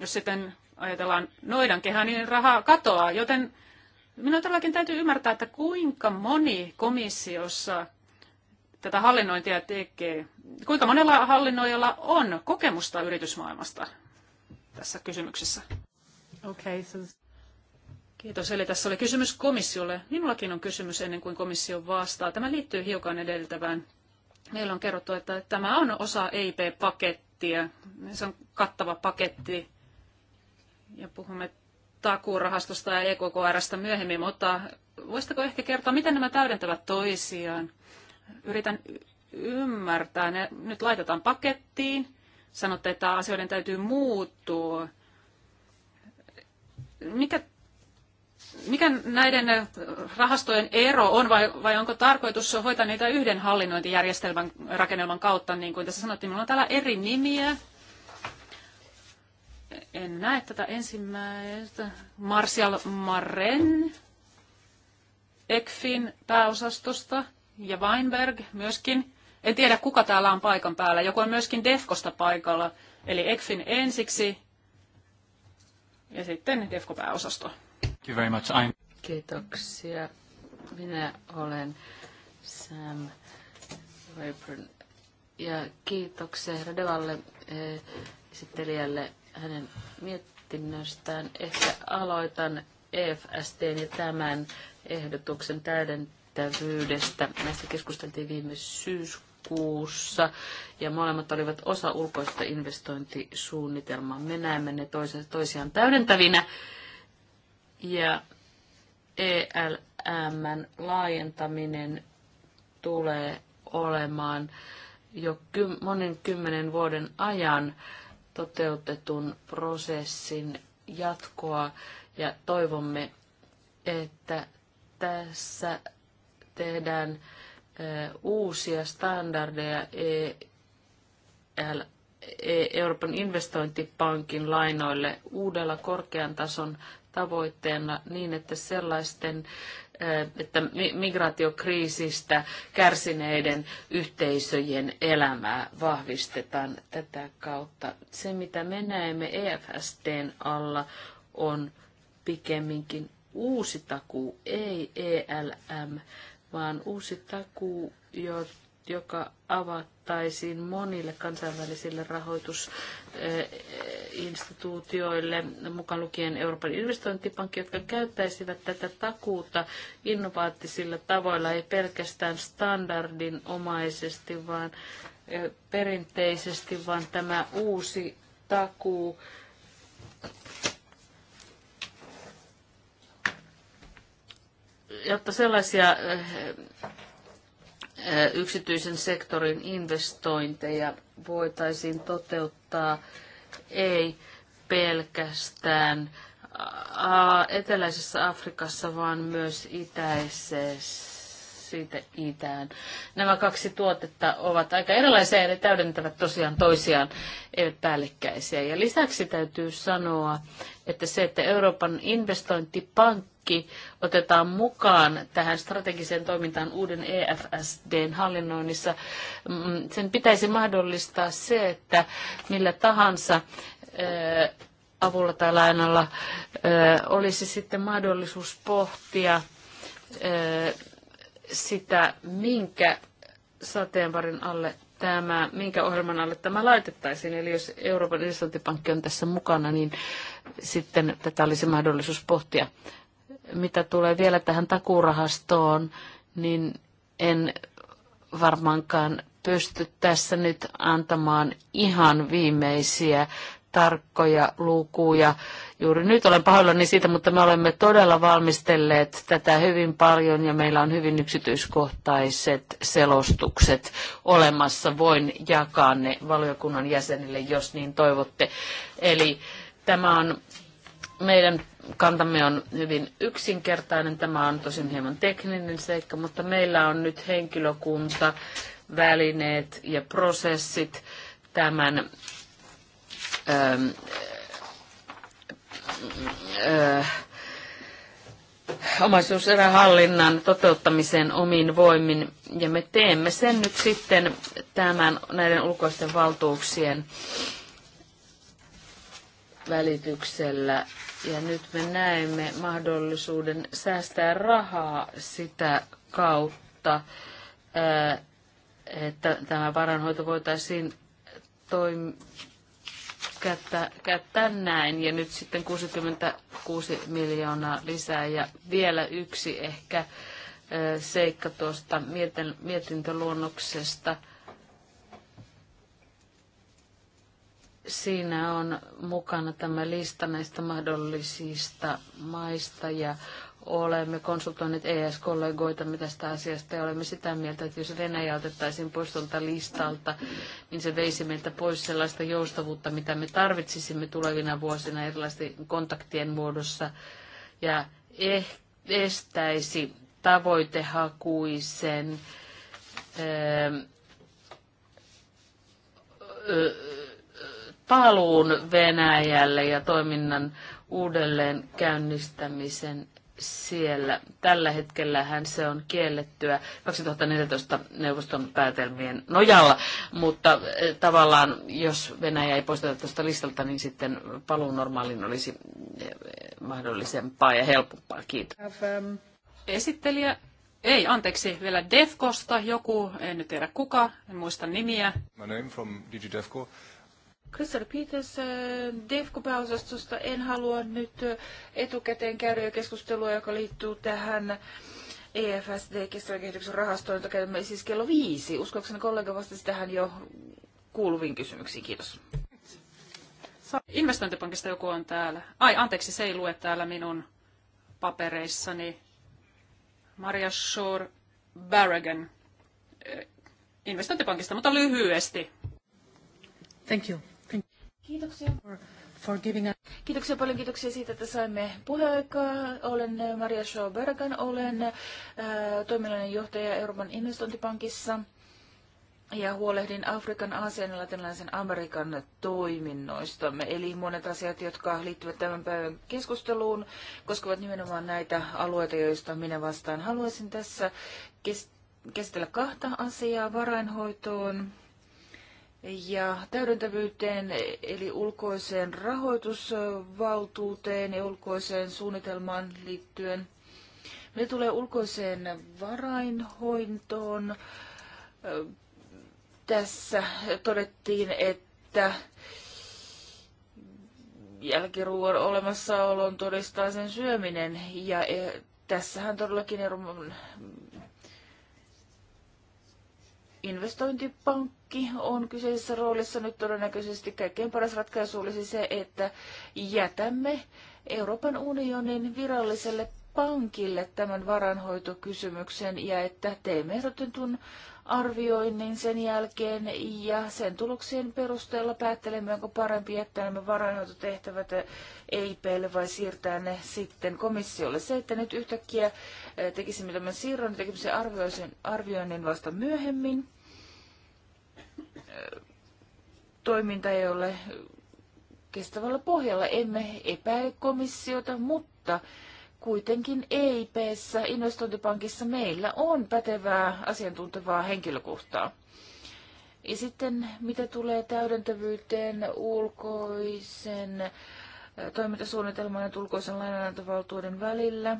[SPEAKER 1] Jos sitten ajatellaan noidan kehää, niin rahaa katoaa, joten minun todellakin täytyy ymmärtää, että kuinka moni komissiossa tätä hallinnointia tekee. Kuinka monella hallinnoijalla on kokemusta yritysmaailmasta tässä kysymyksessä? Okay, so... Kiitos. Eli tässä oli kysymys komissiolle. Minullakin on kysymys ennen kuin komissio vastaa. Tämä liittyy hiukan edeltävään. Meillä on kerrottu, että tämä on osa EIP-pakettia. Se on kattava paketti. Ja puhumme takuurahastosta ja EKKRstä myöhemmin, mutta voisitko ehkä kertoa, miten nämä täydentävät toisiaan? yritän ymmärtää. Ne nyt laitetaan pakettiin. Sanotte, että asioiden täytyy muuttua. Mikä, mikä näiden rahastojen ero on vai, vai onko tarkoitus hoitaa niitä yhden hallinnointijärjestelmän rakennelman kautta, niin kuin tässä sanottiin, minulla on täällä eri nimiä. En näe tätä ensimmäistä. Martial Maren, ECFin pääosastosta – ja Weinberg myöskin. En tiedä, kuka täällä on paikan päällä. Joku on myöskin Defkosta paikalla, eli Ekfin ensiksi ja sitten Defko-pääosasto.
[SPEAKER 3] Thank you very much. I'm...
[SPEAKER 2] Kiitoksia. Minä olen Sam Rayburn. Ja kiitoksia radevalle eh, esittelijälle hänen mietinnöstään. Ehkä aloitan EFSTn ja tämän ehdotuksen täydentämään riittävyydestä. Näistä keskusteltiin viime syyskuussa ja molemmat olivat osa ulkoista investointisuunnitelmaa. Me näemme ne toisiaan täydentävinä ja ELMn laajentaminen tulee olemaan jo monen kymmenen vuoden ajan toteutetun prosessin jatkoa ja toivomme, että tässä tehdään eh, uusia standardeja EL, e, Euroopan investointipankin lainoille uudella korkean tason tavoitteena niin, että sellaisten eh, että migraatiokriisistä kärsineiden yhteisöjen elämää vahvistetaan tätä kautta. Se, mitä me näemme EFSTn alla, on pikemminkin uusi takuu, ei ELM vaan uusi takuu, joka avattaisiin monille kansainvälisille rahoitusinstituutioille, eh, mukaan lukien Euroopan investointipankki, jotka käyttäisivät tätä takuuta innovaattisilla tavoilla, ei pelkästään standardinomaisesti, vaan eh, perinteisesti, vaan tämä uusi takuu jotta sellaisia äh, äh, yksityisen sektorin investointeja voitaisiin toteuttaa ei pelkästään eteläisessä Afrikassa, vaan myös itäisessä siitä itään. Nämä kaksi tuotetta ovat aika erilaisia ja ne täydentävät tosiaan toisiaan, eivät päällekkäisiä. Ja lisäksi täytyy sanoa, että se, että Euroopan investointipankki kaikki otetaan mukaan tähän strategiseen toimintaan uuden EFSDn hallinnoinnissa. Mm, sen pitäisi mahdollistaa se, että millä tahansa avulla tai lainalla olisi sitten mahdollisuus pohtia sitä, minkä sateenvarin alle tämä, minkä ohjelman alle tämä laitettaisiin. Eli jos Euroopan investointipankki on tässä mukana, niin sitten tätä olisi mahdollisuus pohtia mitä tulee vielä tähän takuurahastoon, niin en varmaankaan pysty tässä nyt antamaan ihan viimeisiä tarkkoja lukuja. Juuri nyt olen pahoillani siitä, mutta me olemme todella valmistelleet tätä hyvin paljon ja meillä on hyvin yksityiskohtaiset selostukset olemassa. Voin jakaa ne valiokunnan jäsenille, jos niin toivotte. Eli tämä on meidän kantamme on hyvin yksinkertainen. Tämä on tosin hieman tekninen seikka, mutta meillä on nyt henkilökunta, välineet ja prosessit tämän ähm, äh, omaisuuserähallinnan toteuttamiseen omiin voimin. Ja me teemme sen nyt sitten tämän, näiden ulkoisten valtuuksien välityksellä ja nyt me näemme mahdollisuuden säästää rahaa sitä kautta, että tämä varanhoito voitaisiin toim- käyttää, käyttää näin. Ja nyt sitten 66 miljoonaa lisää. Ja vielä yksi ehkä seikka tuosta mietintöluonnoksesta. Siinä on mukana tämä lista näistä mahdollisista maista ja olemme konsultoineet es kollegoita tästä asiasta ja olemme sitä mieltä, että jos Venäjä otettaisiin pois tuolta listalta, niin se veisi meiltä pois sellaista joustavuutta, mitä me tarvitsisimme tulevina vuosina erilaisten kontaktien muodossa ja eh-, estäisi tavoitehakuisen ehm, paluun Venäjälle ja toiminnan uudelleen käynnistämisen siellä. Tällä hetkellä hän se on kiellettyä 2014 neuvoston päätelmien nojalla, mutta eh, tavallaan jos Venäjä ei poisteta tuosta listalta, niin sitten paluu normaaliin olisi eh, mahdollisempaa ja helpompaa. Kiitos.
[SPEAKER 1] Um, Esittelijä, ei anteeksi, vielä Defkosta joku, en nyt tiedä kuka, en muista nimiä. My name from DigiDefco.
[SPEAKER 3] Crystal Peters äh, defco osastosta En halua nyt äh, etukäteen käydä jo keskustelua, joka liittyy tähän EFSD kestävän kehityksen rahastoon, jota käymme siis kello viisi. Uskoakseni kollega vastasi tähän jo kuuluviin kysymyksiin. Kiitos.
[SPEAKER 1] Investointipankista joku on täällä. Ai, anteeksi, se ei lue täällä minun papereissani. Maria Shore Barragan äh, investointipankista, mutta lyhyesti.
[SPEAKER 3] Thank you. Kiitoksia. For giving a... Kiitoksia paljon, kiitoksia siitä, että saimme puheaikaa. Olen äh, Maria Schaubergan, olen äh, toiminnallinen johtaja Euroopan investointipankissa ja huolehdin Afrikan, Aasian ja Latinalaisen Amerikan toiminnoistamme. Eli monet asiat, jotka liittyvät tämän päivän keskusteluun, koskevat nimenomaan näitä alueita, joista minä vastaan. Haluaisin tässä kes- käsitellä kahta asiaa varainhoitoon ja täydentävyyteen, eli ulkoiseen rahoitusvaltuuteen ja ulkoiseen suunnitelmaan liittyen. mitä tulee ulkoiseen varainhointoon, Tässä todettiin, että jälkiruoan olemassaolon todistaa sen syöminen. Ja e, tässähän todellakin investointipankki on kyseisessä roolissa nyt todennäköisesti kaikkein paras ratkaisu olisi se, että jätämme Euroopan unionin viralliselle pankille tämän varanhoitokysymyksen ja että teemme ehdotetun arvioinnin sen jälkeen ja sen tuloksien perusteella päättelemme, onko parempi jättää nämä varainhoitotehtävät EIPlle vai siirtää ne sitten komissiolle. Se, että nyt yhtäkkiä eh, tekisimme tämän siirron, tekisimme arvioinnin vasta myöhemmin, toiminta ei ole kestävällä pohjalla. Emme epäile komissiota, mutta kuitenkin EIPssä, investointipankissa, meillä on pätevää asiantuntevaa henkilökuntaa. Ja sitten mitä tulee täydentävyyteen ulkoisen äh, toimintasuunnitelman ja ulkoisen lainanantovaltuuden välillä.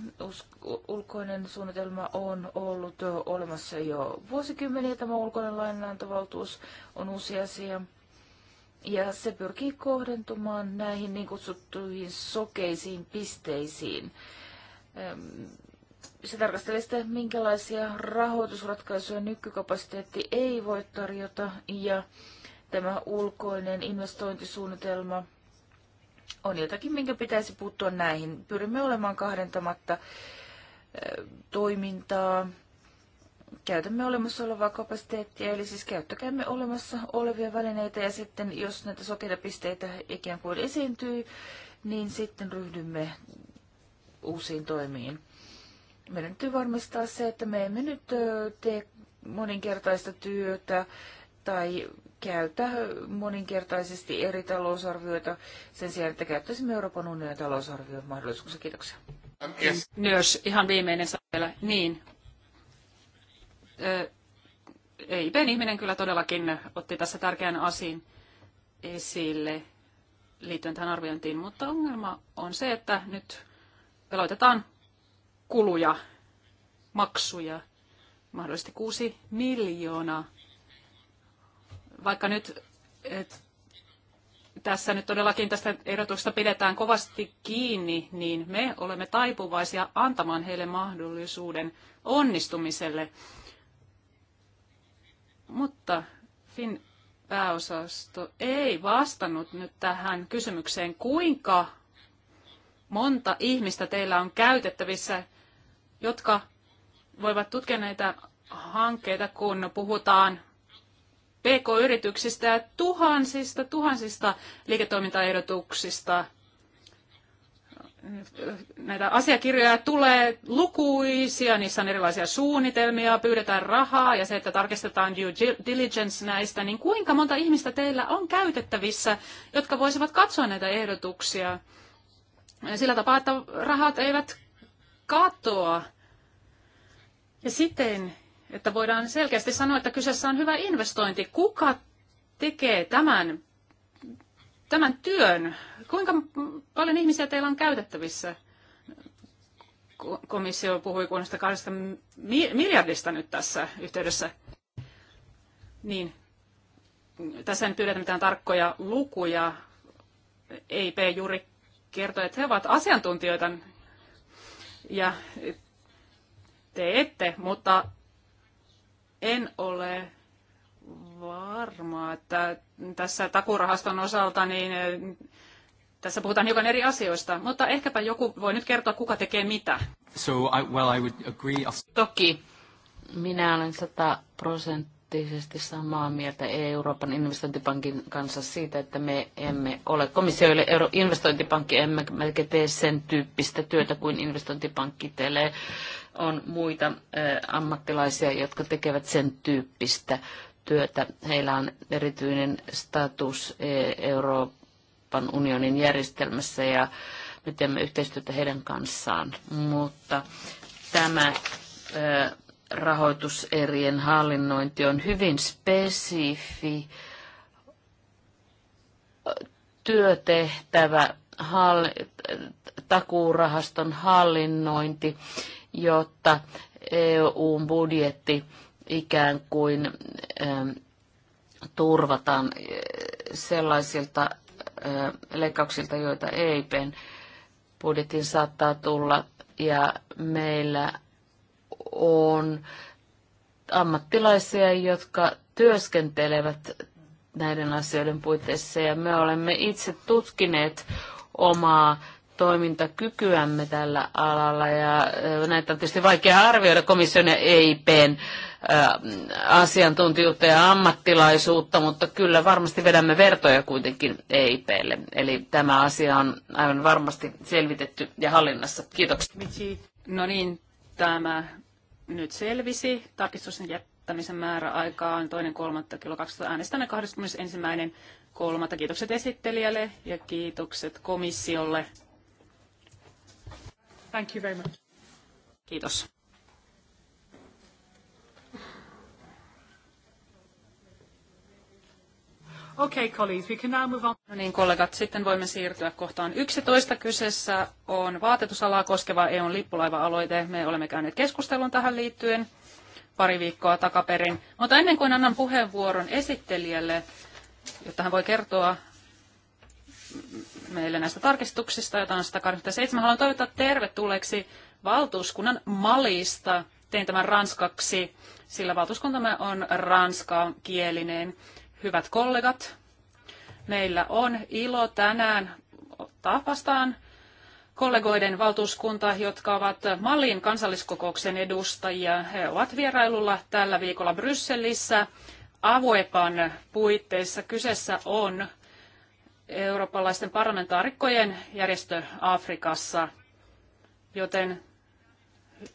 [SPEAKER 3] Ulkoinen suunnitelma on ollut olemassa jo vuosikymmeniä. Tämä ulkoinen lainanantovaltuus on uusi asia. Ja se pyrkii kohdentumaan näihin niin kutsuttuihin sokeisiin pisteisiin. Se tarkastelee sitä, minkälaisia rahoitusratkaisuja nykykapasiteetti ei voi tarjota ja tämä ulkoinen investointisuunnitelma – on jotakin, minkä pitäisi puuttua näihin. Pyrimme olemaan kahdentamatta toimintaa. Käytämme olemassa olevaa kapasiteettia, eli siis käyttäkäämme olemassa olevia välineitä ja sitten jos näitä sokeita pisteitä ikään kuin esiintyy, niin sitten ryhdymme uusiin toimiin. Meidän täytyy varmistaa se, että me emme nyt tee moninkertaista työtä tai käytä moninkertaisesti eri talousarvioita sen sijaan, että käyttäisimme Euroopan unionin talousarvion mahdollisuuksia. Kiitoksia. Myös ihan viimeinen vielä. Niin.
[SPEAKER 1] EIPn ihminen kyllä todellakin otti tässä tärkeän asian esille liittyen tähän arviointiin, mutta ongelma on se, että nyt veloitetaan kuluja, maksuja, mahdollisesti 6 miljoonaa vaikka nyt tässä nyt todellakin tästä ehdotuksesta pidetään kovasti kiinni, niin me olemme taipuvaisia antamaan heille mahdollisuuden onnistumiselle. Mutta Fin pääosasto ei vastannut nyt tähän kysymykseen, kuinka monta ihmistä teillä on käytettävissä, jotka voivat tutkia näitä hankkeita, kun puhutaan PK-yrityksistä ja tuhansista, tuhansista liiketoimintaehdotuksista. Näitä asiakirjoja tulee lukuisia, niissä on erilaisia suunnitelmia, pyydetään rahaa ja se, että tarkistetaan due diligence näistä, niin kuinka monta ihmistä teillä on käytettävissä, jotka voisivat katsoa näitä ehdotuksia sillä tapaa, että rahat eivät katoa. Ja siten että voidaan selkeästi sanoa, että kyseessä on hyvä investointi. Kuka tekee tämän, tämän työn? Kuinka paljon ihmisiä teillä on käytettävissä? Komissio puhui kuunnesta kahdesta miljardista nyt tässä yhteydessä. Niin, tässä en pyydetä mitään tarkkoja lukuja. EIP juuri kertoi, että he ovat asiantuntijoita ja te ette, mutta en ole varma, että tässä takurahaston osalta niin tässä puhutaan hiukan eri asioista, mutta ehkäpä joku voi nyt kertoa, kuka tekee mitä. So I, well, I would agree. Toki minä olen
[SPEAKER 2] sataprosenttisesti samaa mieltä Euroopan investointipankin kanssa siitä, että me emme ole komissioille Euro- investointipankki, emme melkein tee sen tyyppistä työtä kuin investointipankki telee on muita ammattilaisia, jotka tekevät sen tyyppistä työtä. Heillä on erityinen status Euroopan unionin järjestelmässä ja me teemme yhteistyötä heidän kanssaan. Mutta tämä rahoituserien hallinnointi on hyvin spesifi työtehtävä, hall, takuurahaston hallinnointi jotta EUn budjetti ikään kuin ähm, turvataan äh, sellaisilta äh, leikkauksilta, joita EIPn budjetin saattaa tulla. Ja meillä on ammattilaisia, jotka työskentelevät näiden asioiden puitteissa ja me olemme itse tutkineet omaa toimintakykyämme tällä alalla ja näitä on tietysti vaikea arvioida komission ja EIPn asiantuntijuutta ja ammattilaisuutta, mutta kyllä varmasti vedämme vertoja kuitenkin EIPlle. Eli tämä asia on aivan varmasti selvitetty ja hallinnassa. Kiitoksia.
[SPEAKER 1] No niin, tämä nyt selvisi. Tarkistus jättämisen määräaika on toinen kolmatta kello 12 äänestänä kolmatta Kiitokset esittelijälle ja kiitokset komissiolle Thank you very much. Kiitos. Okay, colleagues, we can now move on. No niin, kollegat, sitten voimme siirtyä kohtaan 11. Kyseessä on vaatetusalaa koskeva EUn lippulaiva-aloite. Me olemme käyneet keskustelun tähän liittyen pari viikkoa takaperin. Mutta ennen kuin annan puheenvuoron esittelijälle, jotta hän voi kertoa, meille näistä tarkistuksista, joita on 187. Haluan toivottaa tervetulleeksi valtuuskunnan Malista. Tein tämän ranskaksi, sillä valtuuskuntamme on ranskankielinen. Hyvät kollegat, meillä on ilo tänään ottaa vastaan kollegoiden valtuuskunta, jotka ovat Malin kansalliskokouksen edustajia. He ovat vierailulla tällä viikolla Brysselissä. Avoepan puitteissa kyseessä on eurooppalaisten parlamentaarikkojen järjestö Afrikassa. Joten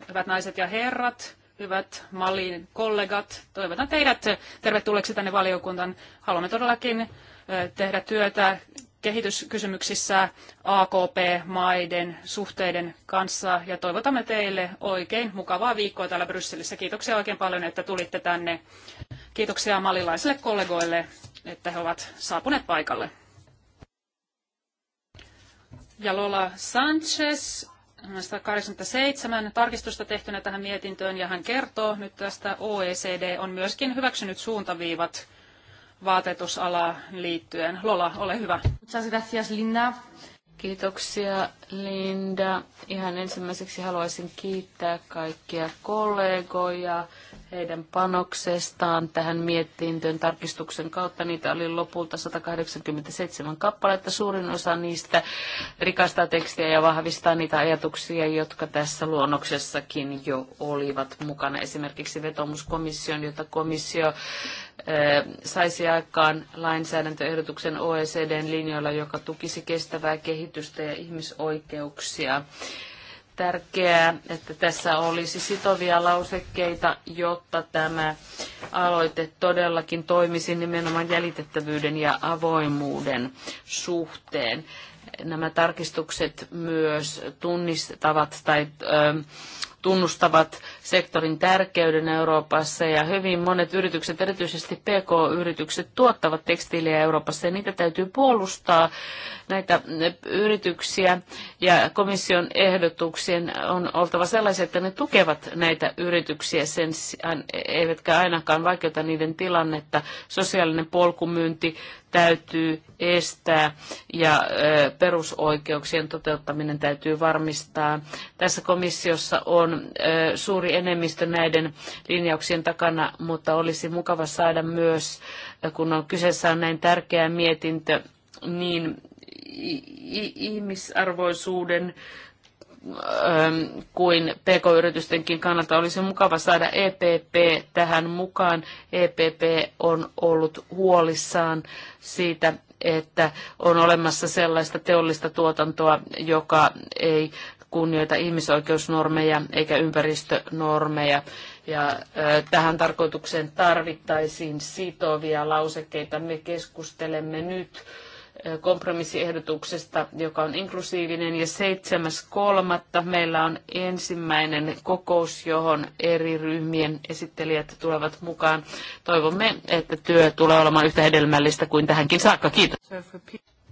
[SPEAKER 1] hyvät naiset ja herrat, hyvät Malin kollegat, toivotan teidät tervetulleeksi tänne valiokuntaan. Haluamme todellakin tehdä työtä kehityskysymyksissä AKP-maiden suhteiden kanssa ja toivotamme teille oikein mukavaa viikkoa täällä Brysselissä. Kiitoksia oikein paljon, että tulitte tänne. Kiitoksia malilaisille kollegoille, että he ovat saapuneet paikalle ja Lola Sanchez 187 tarkistusta tehtynä tähän mietintöön ja hän kertoo nyt tästä OECD on myöskin hyväksynyt suuntaviivat vaatetusalaa liittyen. Lola, ole hyvä. Muchas gracias, Linda.
[SPEAKER 2] Kiitoksia Linda. Ihan ensimmäiseksi haluaisin kiittää kaikkia kollegoja heidän panoksestaan tähän mietintöön tarkistuksen kautta. Niitä oli lopulta 187 kappaletta. Suurin osa niistä rikastaa tekstiä ja vahvistaa niitä ajatuksia, jotka tässä luonnoksessakin jo olivat mukana. Esimerkiksi vetomuskomission, jota komissio eh, saisi aikaan lainsäädäntöehdotuksen OECDn linjoilla, joka tukisi kestävää kehitystä ja ihmisoikeuksia tärkeää, että tässä olisi sitovia lausekkeita, jotta tämä aloite todellakin toimisi nimenomaan jäljitettävyyden ja avoimuuden suhteen. Nämä tarkistukset myös tunnistavat tai tunnustavat sektorin tärkeyden Euroopassa ja hyvin monet yritykset, erityisesti PK-yritykset, tuottavat tekstiilejä Euroopassa ja niitä täytyy puolustaa näitä yrityksiä ja komission ehdotuksien on oltava sellaisia, että ne tukevat näitä yrityksiä sen sijaan, eivätkä ainakaan vaikeuta niiden tilannetta. Sosiaalinen polkumyynti täytyy estää ja perusoikeuksien toteuttaminen täytyy varmistaa. Tässä komissiossa on suuri enemmistö näiden linjauksien takana, mutta olisi mukava saada myös, kun on kyseessä on näin tärkeä mietintö, niin ihmisarvoisuuden ähm, kuin pk-yritystenkin kannalta olisi mukava saada EPP tähän mukaan. EPP on ollut huolissaan siitä, että on olemassa sellaista teollista tuotantoa, joka ei kunnioita ihmisoikeusnormeja eikä ympäristönormeja. Ja tähän tarkoitukseen tarvittaisiin sitovia lausekkeita. Me keskustelemme nyt kompromissiehdotuksesta, joka on inklusiivinen. Ja 7.3. meillä on ensimmäinen kokous, johon eri ryhmien esittelijät tulevat mukaan. Toivomme, että työ tulee olemaan yhtä hedelmällistä kuin tähänkin saakka. Kiitos.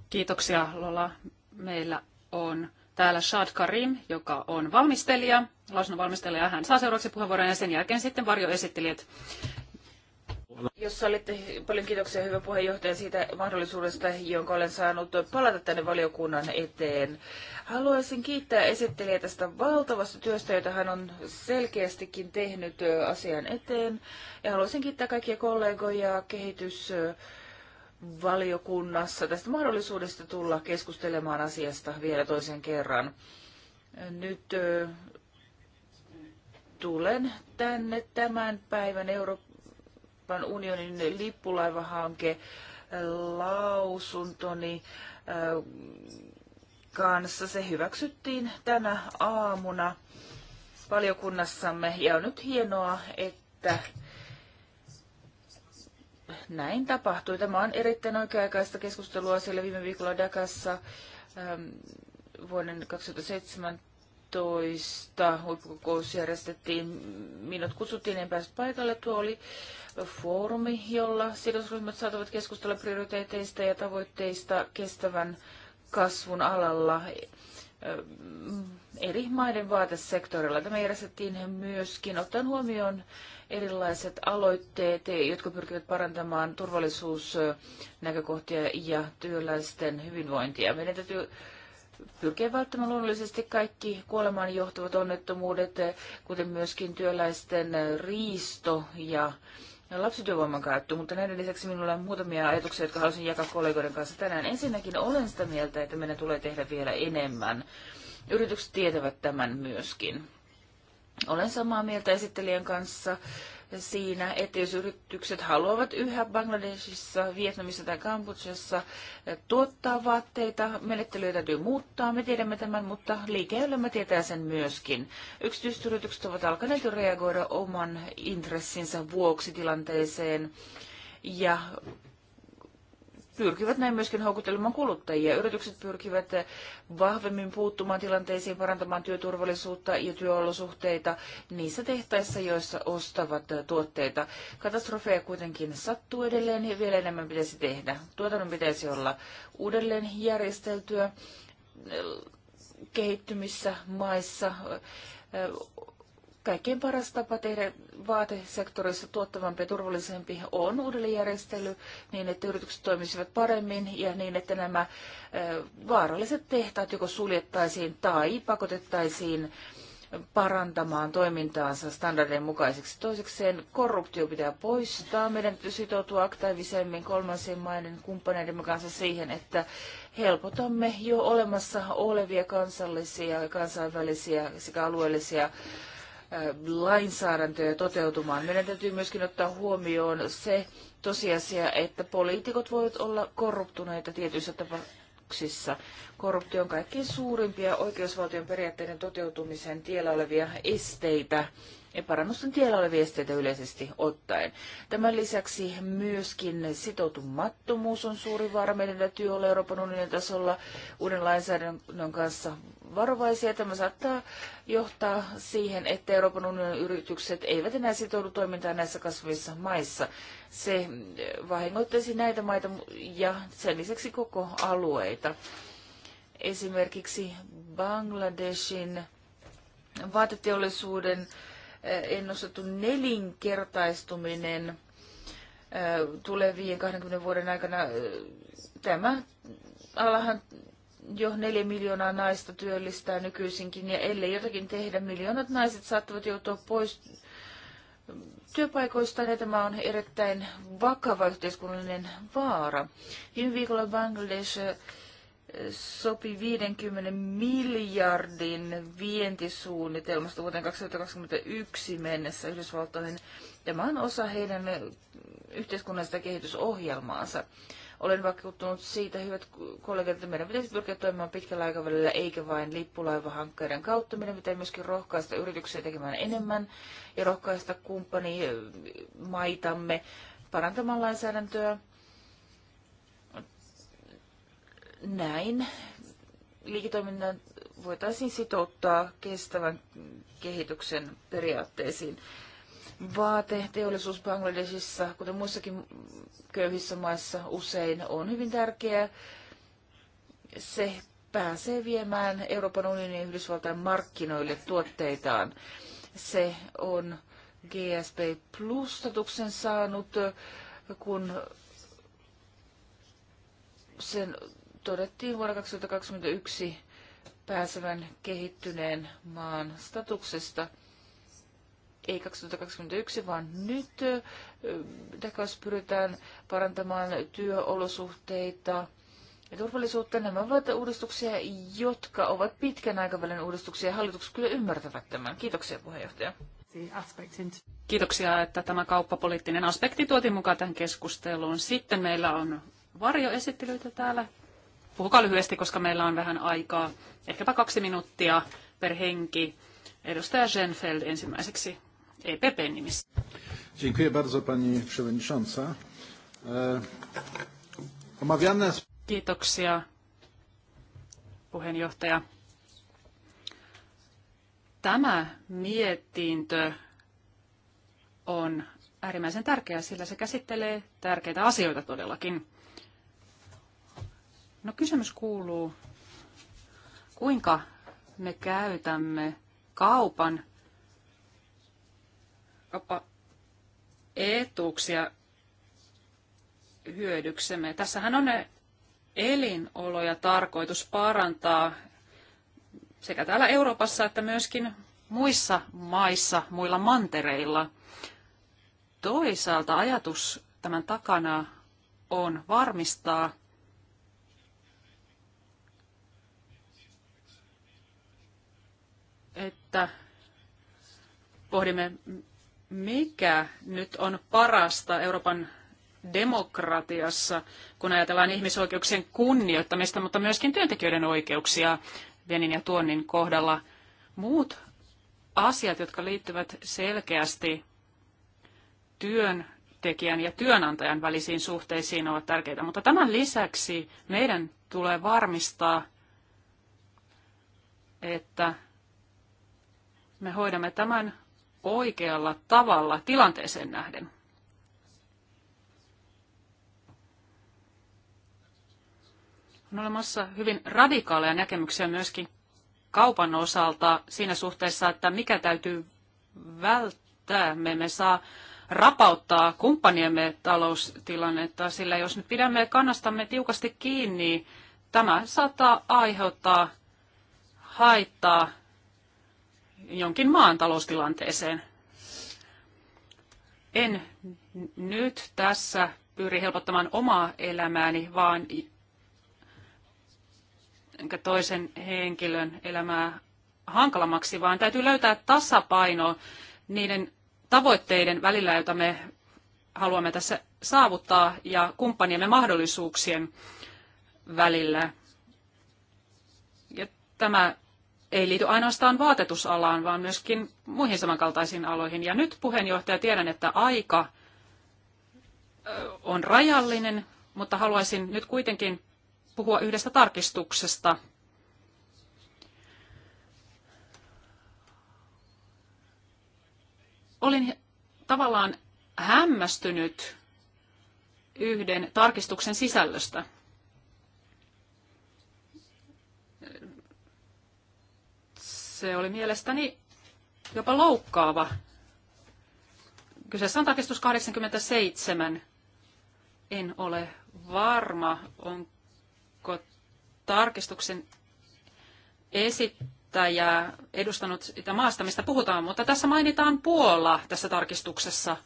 [SPEAKER 1] Kiitoksia Lola. Meillä on täällä Shad Karim, joka on valmistelija, lausunnon
[SPEAKER 3] valmistelija. Hän saa seuraavaksi puheenvuoron ja sen jälkeen sitten varjoesittelijät. Jos sallitte, paljon kiitoksia hyvä puheenjohtaja siitä mahdollisuudesta, jonka olen saanut palata tänne valiokunnan eteen. Haluaisin kiittää esittelijä tästä valtavasta työstä, jota hän on selkeästikin tehnyt asian eteen. Ja haluaisin kiittää kaikkia kollegoja, kehitys- valiokunnassa tästä mahdollisuudesta tulla keskustelemaan asiasta vielä toisen kerran. Nyt tulen tänne tämän päivän Euroopan unionin lippulaivahanke lausuntoni kanssa. Se hyväksyttiin tänä aamuna valiokunnassamme ja on nyt hienoa, että näin tapahtui. Tämä on erittäin oikea-aikaista keskustelua, siellä viime viikolla Dakassa ähm, vuoden 2017 huippukokous järjestettiin. Minut kutsuttiin, en päässyt paikalle. Tuo oli foorumi, jolla sidosryhmät saatavat keskustella prioriteeteista ja tavoitteista kestävän kasvun alalla eri maiden vaatesektorilla. Tämä järjestettiin myöskin ottaen huomioon erilaiset aloitteet, jotka pyrkivät parantamaan turvallisuusnäkökohtia ja työläisten hyvinvointia. Meidän täytyy pyrkiä välttämään luonnollisesti kaikki kuolemaan johtuvat onnettomuudet, kuten myöskin työläisten riisto ja No, lapsityövoiman käyttö, mutta näiden lisäksi minulla on muutamia ajatuksia, jotka haluaisin jakaa kollegoiden kanssa tänään. Ensinnäkin olen sitä mieltä, että meidän tulee tehdä vielä enemmän. Yritykset tietävät tämän myöskin. Olen samaa mieltä esittelijän kanssa siinä, että jos yritykset haluavat yhä Bangladesissa, Vietnamissa tai Kambodsjassa eh, tuottaa vaatteita, menettelyä täytyy muuttaa, me tiedämme tämän, mutta liike tietää sen myöskin. Yksityiset yritykset ovat alkaneet reagoida oman intressinsä vuoksi tilanteeseen ja pyrkivät näin myöskin houkuttelemaan kuluttajia. Yritykset pyrkivät vahvemmin puuttumaan tilanteisiin, parantamaan työturvallisuutta ja työolosuhteita niissä tehtaissa, joissa ostavat tuotteita. Katastrofeja kuitenkin sattuu edelleen ja vielä enemmän pitäisi tehdä. Tuotannon pitäisi olla uudelleen järjesteltyä kehittymissä maissa kaikkein paras tapa tehdä vaatesektorissa tuottavampi ja turvallisempi on uudelleenjärjestely niin, että yritykset toimisivat paremmin ja niin, että nämä vaaralliset tehtaat joko suljettaisiin tai pakotettaisiin parantamaan toimintaansa standardien mukaiseksi. Toisekseen korruptio pitää poistaa. Meidän täytyy sitoutua aktiivisemmin kolmansien maiden kumppaneiden kanssa siihen, että helpotamme jo olemassa olevia kansallisia ja kansainvälisiä sekä alueellisia lainsäädäntöjä toteutumaan. Meidän täytyy myöskin ottaa huomioon se tosiasia, että poliitikot voivat olla korruptuneita tietyissä tapauksissa. Korruptio on kaikkein suurimpia oikeusvaltion periaatteiden toteutumisen tiellä olevia esteitä parannusten tiellä ole viesteitä yleisesti ottaen. Tämän lisäksi myöskin sitoutumattomuus on suuri vaara. Meidän työ olla Euroopan unionin tasolla uuden lainsäädännön kanssa varovaisia. Tämä saattaa johtaa siihen, että Euroopan unionin yritykset eivät enää sitoudu toimintaan näissä kasvavissa maissa. Se vahingoittaisi näitä maita ja sen lisäksi koko alueita. Esimerkiksi Bangladeshin vaateteollisuuden Eh, ennustettu nelinkertaistuminen eh, tulevien 20 vuoden aikana. Eh, tämä alahan jo neljä miljoonaa naista työllistää nykyisinkin, ja ellei jotakin tehdä, miljoonat naiset saattavat joutua pois työpaikoista, ja tämä on erittäin vakava yhteiskunnallinen vaara. Viime viikolla Bangladesh sopi 50 miljardin vientisuunnitelmasta vuoteen 2021 mennessä Yhdysvaltoihin. Tämä on osa heidän yhteiskunnallista kehitysohjelmaansa. Olen vakuuttunut siitä, hyvät kollegat, että meidän pitäisi pyrkiä toimimaan pitkällä aikavälillä eikä vain lippulaivahankkeiden kautta. Meidän pitää myöskin rohkaista yrityksiä tekemään enemmän ja rohkaista kumppanimaitamme parantamaan lainsäädäntöä Näin liiketoiminnan voitaisiin sitouttaa kestävän kehityksen periaatteisiin. Vaate teollisuus Bangladesissa, kuten muissakin köyhissä maissa usein, on hyvin tärkeä. Se pääsee viemään Euroopan unionin ja Yhdysvaltain markkinoille tuotteitaan. Se on GSP Plus-statuksen saanut, kun sen todettiin vuonna 2021 pääsevän kehittyneen maan statuksesta. Ei 2021, vaan nyt Dakas pyritään parantamaan työolosuhteita ja turvallisuutta. Nämä ovat uudistuksia, jotka ovat pitkän aikavälin uudistuksia. Hallitukset kyllä ymmärtävät tämän. Kiitoksia puheenjohtaja.
[SPEAKER 1] Kiitoksia, että tämä kauppapoliittinen aspekti tuotiin mukaan tähän keskusteluun. Sitten meillä on varjoesittelyitä täällä. Puhukaa lyhyesti, koska meillä on vähän aikaa. Ehkäpä kaksi minuuttia per henki. Edustaja Schenfeld ensimmäiseksi EPP nimissä.
[SPEAKER 3] Dziękuję bardzo pani przewodnicząca. E, omawiane...
[SPEAKER 1] Kiitoksia puheenjohtaja. Tämä mietintö on äärimmäisen tärkeä, sillä se käsittelee tärkeitä asioita todellakin. No kysymys kuuluu, kuinka me käytämme kaupan etuuksia hyödyksemme. Tässähän on elinoloja tarkoitus parantaa sekä täällä Euroopassa että myöskin muissa maissa, muilla mantereilla. Toisaalta ajatus tämän takana on varmistaa että pohdimme, mikä nyt on parasta Euroopan demokratiassa, kun ajatellaan ihmisoikeuksien kunnioittamista, mutta myöskin työntekijöiden oikeuksia vienin ja tuonnin kohdalla. Muut asiat, jotka liittyvät selkeästi työntekijän ja työnantajan välisiin suhteisiin, ovat tärkeitä. Mutta tämän lisäksi meidän tulee varmistaa, että me hoidamme tämän oikealla tavalla tilanteeseen nähden. On olemassa hyvin radikaaleja näkemyksiä myöskin kaupan osalta siinä suhteessa, että mikä täytyy välttää. Me emme saa rapauttaa kumppaniemme taloustilannetta, sillä jos nyt pidämme kannastamme tiukasti kiinni, tämä saattaa aiheuttaa haittaa jonkin maan taloustilanteeseen. En nyt tässä pyri helpottamaan omaa elämääni, vaan toisen henkilön elämää hankalammaksi, vaan täytyy löytää tasapaino niiden tavoitteiden välillä, joita me haluamme tässä saavuttaa, ja kumppaniemme mahdollisuuksien välillä. Ja tämä ei liity ainoastaan vaatetusalaan, vaan myöskin muihin samankaltaisiin aloihin. Ja nyt puheenjohtaja tiedän, että aika on rajallinen, mutta haluaisin nyt kuitenkin puhua yhdestä tarkistuksesta. Olin tavallaan hämmästynyt yhden tarkistuksen sisällöstä. Se oli mielestäni jopa loukkaava. Kyseessä on tarkistus 87. En ole varma, onko tarkistuksen esittäjä edustanut sitä maasta, mistä puhutaan, mutta tässä mainitaan Puola tässä tarkistuksessa.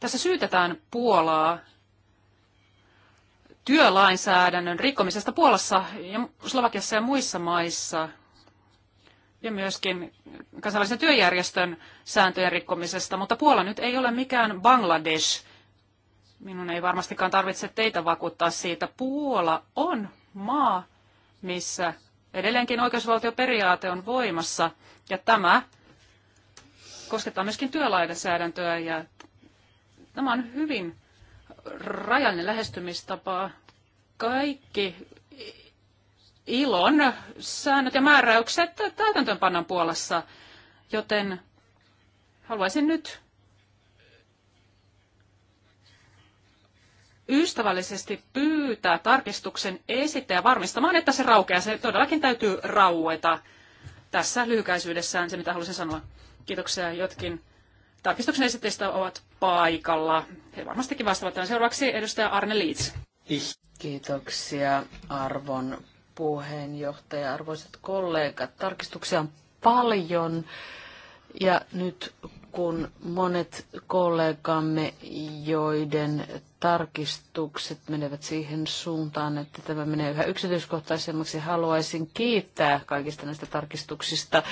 [SPEAKER 1] Tässä syytetään Puolaa työlainsäädännön rikkomisesta Puolassa ja Slovakiassa ja muissa maissa ja myöskin kansainvälisen työjärjestön sääntöjen rikkomisesta, mutta Puola nyt ei ole mikään Bangladesh. Minun ei varmastikaan tarvitse teitä vakuuttaa siitä. Puola on maa, missä edelleenkin oikeusvaltioperiaate on voimassa ja tämä koskettaa myöskin työlainsäädäntöä ja tämä on hyvin rajallinen lähestymistapa. Kaikki ilon säännöt ja määräykset täytäntöönpannan puolessa, joten haluaisin nyt ystävällisesti pyytää tarkistuksen esittäjä varmistamaan, että se raukeaa. Se todellakin täytyy raueta tässä lyhykäisyydessään se, mitä halusin sanoa. Kiitoksia jotkin. Tarkistuksen esittäjistä ovat paikalla. He varmastikin vastaavat tämän seuraavaksi edustaja Arne Liits.
[SPEAKER 2] Kiitoksia arvon puheenjohtaja, arvoisat kollegat. Tarkistuksia on paljon ja nyt kun monet kollegamme, joiden tarkistukset menevät siihen suuntaan, että tämä menee yhä yksityiskohtaisemmaksi, haluaisin kiittää kaikista näistä tarkistuksista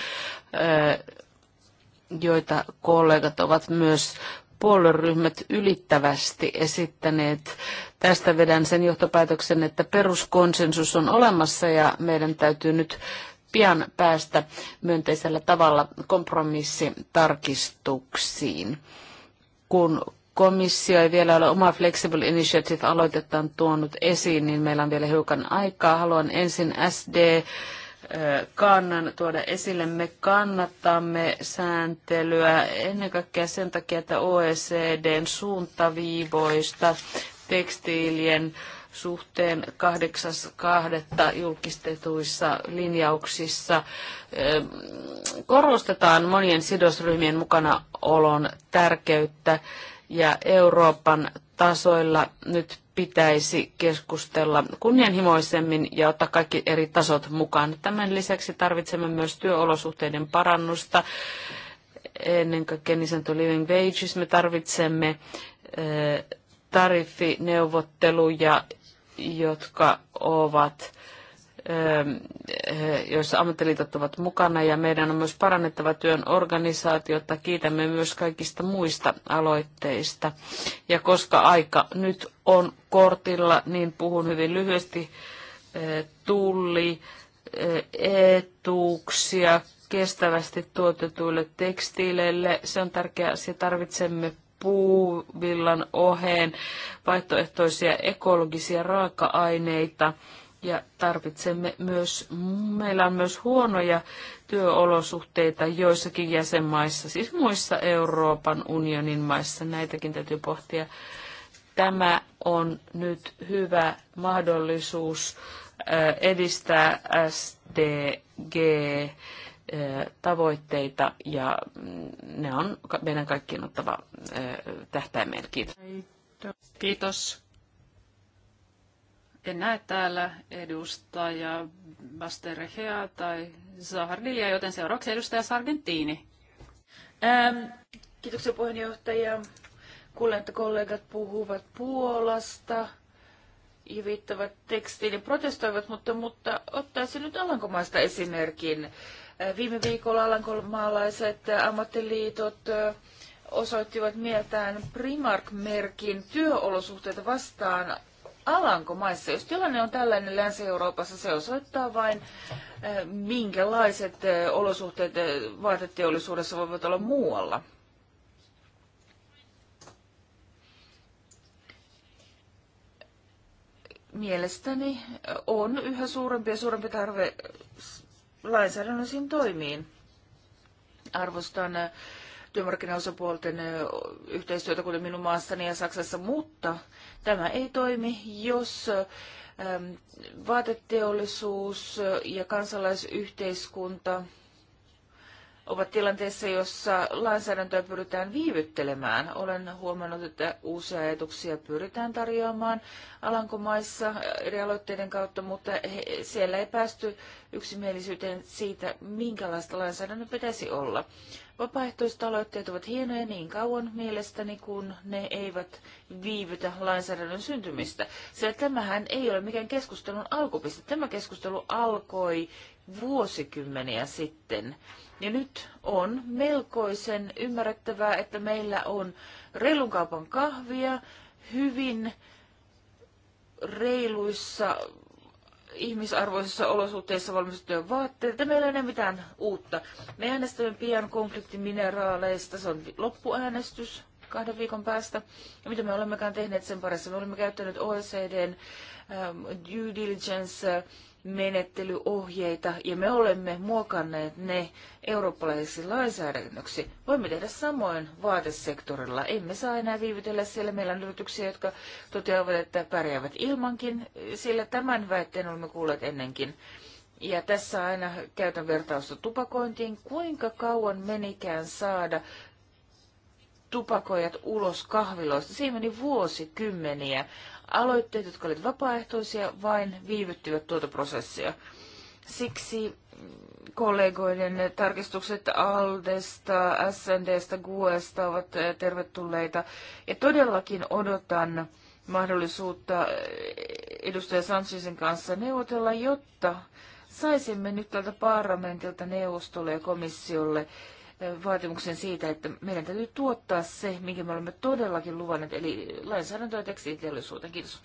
[SPEAKER 2] joita kollegat ovat myös puolueryhmät ylittävästi esittäneet. Tästä vedän sen johtopäätöksen, että peruskonsensus on olemassa ja meidän täytyy nyt pian päästä myönteisellä tavalla kompromissitarkistuksiin. Kun komissio ei vielä ole oma Flexible Initiative-aloitettaan tuonut esiin, niin meillä on vielä hiukan aikaa. Haluan ensin SD kannan tuoda esille. Me kannatamme sääntelyä ennen kaikkea sen takia, että OECDn suuntaviivoista tekstiilien suhteen 8.2. julkistetuissa linjauksissa korostetaan monien sidosryhmien mukanaolon tärkeyttä ja Euroopan tasoilla nyt pitäisi keskustella kunnianhimoisemmin ja ottaa kaikki eri tasot mukaan. Tämän lisäksi tarvitsemme myös työolosuhteiden parannusta. Ennen kaikkea niin sanottu living wages me tarvitsemme eh, tariffineuvotteluja, jotka ovat Ähm, äh, joissa ammattiliitot ovat mukana ja meidän on myös parannettava työn organisaatiota. Kiitämme myös kaikista muista aloitteista. Ja koska aika nyt on kortilla, niin puhun hyvin lyhyesti äh, tulli äh, etuuksia kestävästi tuotetuille tekstiileille. Se on tärkeä asia. Tarvitsemme puuvillan oheen vaihtoehtoisia ekologisia raaka-aineita ja tarvitsemme myös, meillä on myös huonoja työolosuhteita joissakin jäsenmaissa, siis muissa Euroopan unionin maissa, näitäkin täytyy pohtia. Tämä on nyt hyvä mahdollisuus äh, edistää SDG-tavoitteita äh, ja mm, ne on meidän kaikkien ottava äh, tähtäimeen. Kiitos.
[SPEAKER 1] Kiitos en näe täällä edustaja Basterehea tai Zahardilia, joten seuraavaksi edustaja Sargentini.
[SPEAKER 3] Ähm, kiitoksia puheenjohtaja. Kuulen, että kollegat puhuvat Puolasta ja viittavat tekstiin ja protestoivat, mutta, mutta ottaisin nyt Alankomaista esimerkin. Äh, viime viikolla alankomaalaiset ammattiliitot äh, osoittivat mieltään Primark-merkin työolosuhteita vastaan Alankomaissa. Jos tilanne on tällainen Länsi-Euroopassa, se osoittaa vain, eh, minkälaiset eh, olosuhteet eh, vaateteollisuudessa voivat olla muualla. Mielestäni on yhä suurempi ja suurempi tarve lainsäädännöllisiin toimiin. Arvostan työmarkkinaosapuolten yhteistyötä, kuten minun maassani ja Saksassa, mutta tämä ei toimi, jos vaateteollisuus ja kansalaisyhteiskunta – ovat tilanteessa, jossa lainsäädäntöä pyritään viivyttelemään. Olen huomannut, että uusia ajatuksia pyritään tarjoamaan Alankomaissa eri aloitteiden kautta, mutta he, siellä ei päästy yksimielisyyteen siitä, minkälaista lainsäädännön pitäisi olla. Vapaaehtoiset aloitteet ovat hienoja niin kauan mielestäni, kun ne eivät viivytä lainsäädännön syntymistä. Sillä tämähän ei ole mikään keskustelun alkupiste. Tämä keskustelu alkoi vuosikymmeniä sitten. Ja nyt on melkoisen ymmärrettävää, että meillä on reilun kaupan kahvia hyvin reiluissa ihmisarvoisissa olosuhteissa valmistettuja vaatteita. Meillä ei ole mitään uutta. Me äänestämme pian konfliktimineraaleista. Se on loppuäänestys kahden viikon päästä. Ja mitä me olemmekaan tehneet sen parissa? Me olemme käyttäneet OECDn ähm, due diligence äh, menettelyohjeita ja me olemme muokanneet ne eurooppalaisiksi lainsäädännöksi. Voimme tehdä samoin vaatesektorilla. Emme saa enää viivytellä siellä. Meillä on yrityksiä, jotka toteavat, että pärjäävät ilmankin, sillä tämän väitteen olemme kuulleet ennenkin. Ja tässä aina käytän vertausta tupakointiin. Kuinka kauan menikään saada tupakojat ulos kahviloista? Siinä meni vuosikymmeniä. Aloitteet, jotka olivat vapaaehtoisia, vain viivyttivät tuota prosessia. Siksi kollegoiden tarkistukset Aldesta, SNDstä, GUEsta ovat tervetulleita. Ja todellakin odotan mahdollisuutta edustaja Sanchezin kanssa neuvotella, jotta saisimme nyt tältä parlamentilta neuvostolle ja komissiolle vaatimuksen siitä, että meidän täytyy tuottaa se, minkä me olemme todellakin luvanneet, eli lainsäädäntöä tekstiiliteollisuuteen. Kiitos.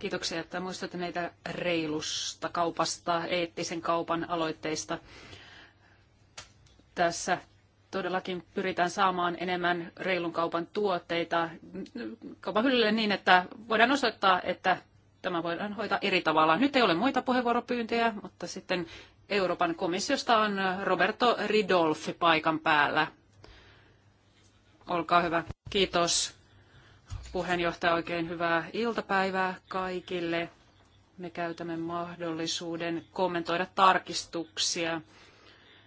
[SPEAKER 1] Kiitoksia, että muistatte näitä reilusta kaupasta, eettisen kaupan aloitteista. Tässä todellakin pyritään saamaan enemmän reilun kaupan tuotteita kaupan hyllylle niin, että voidaan osoittaa, että tämä voidaan hoitaa eri tavalla. Nyt ei ole muita puheenvuoropyyntöjä, mutta sitten Euroopan komissiosta on Roberto Ridolfi paikan päällä. Olkaa hyvä. Kiitos puheenjohtaja. Oikein hyvää iltapäivää kaikille. Me käytämme mahdollisuuden kommentoida tarkistuksia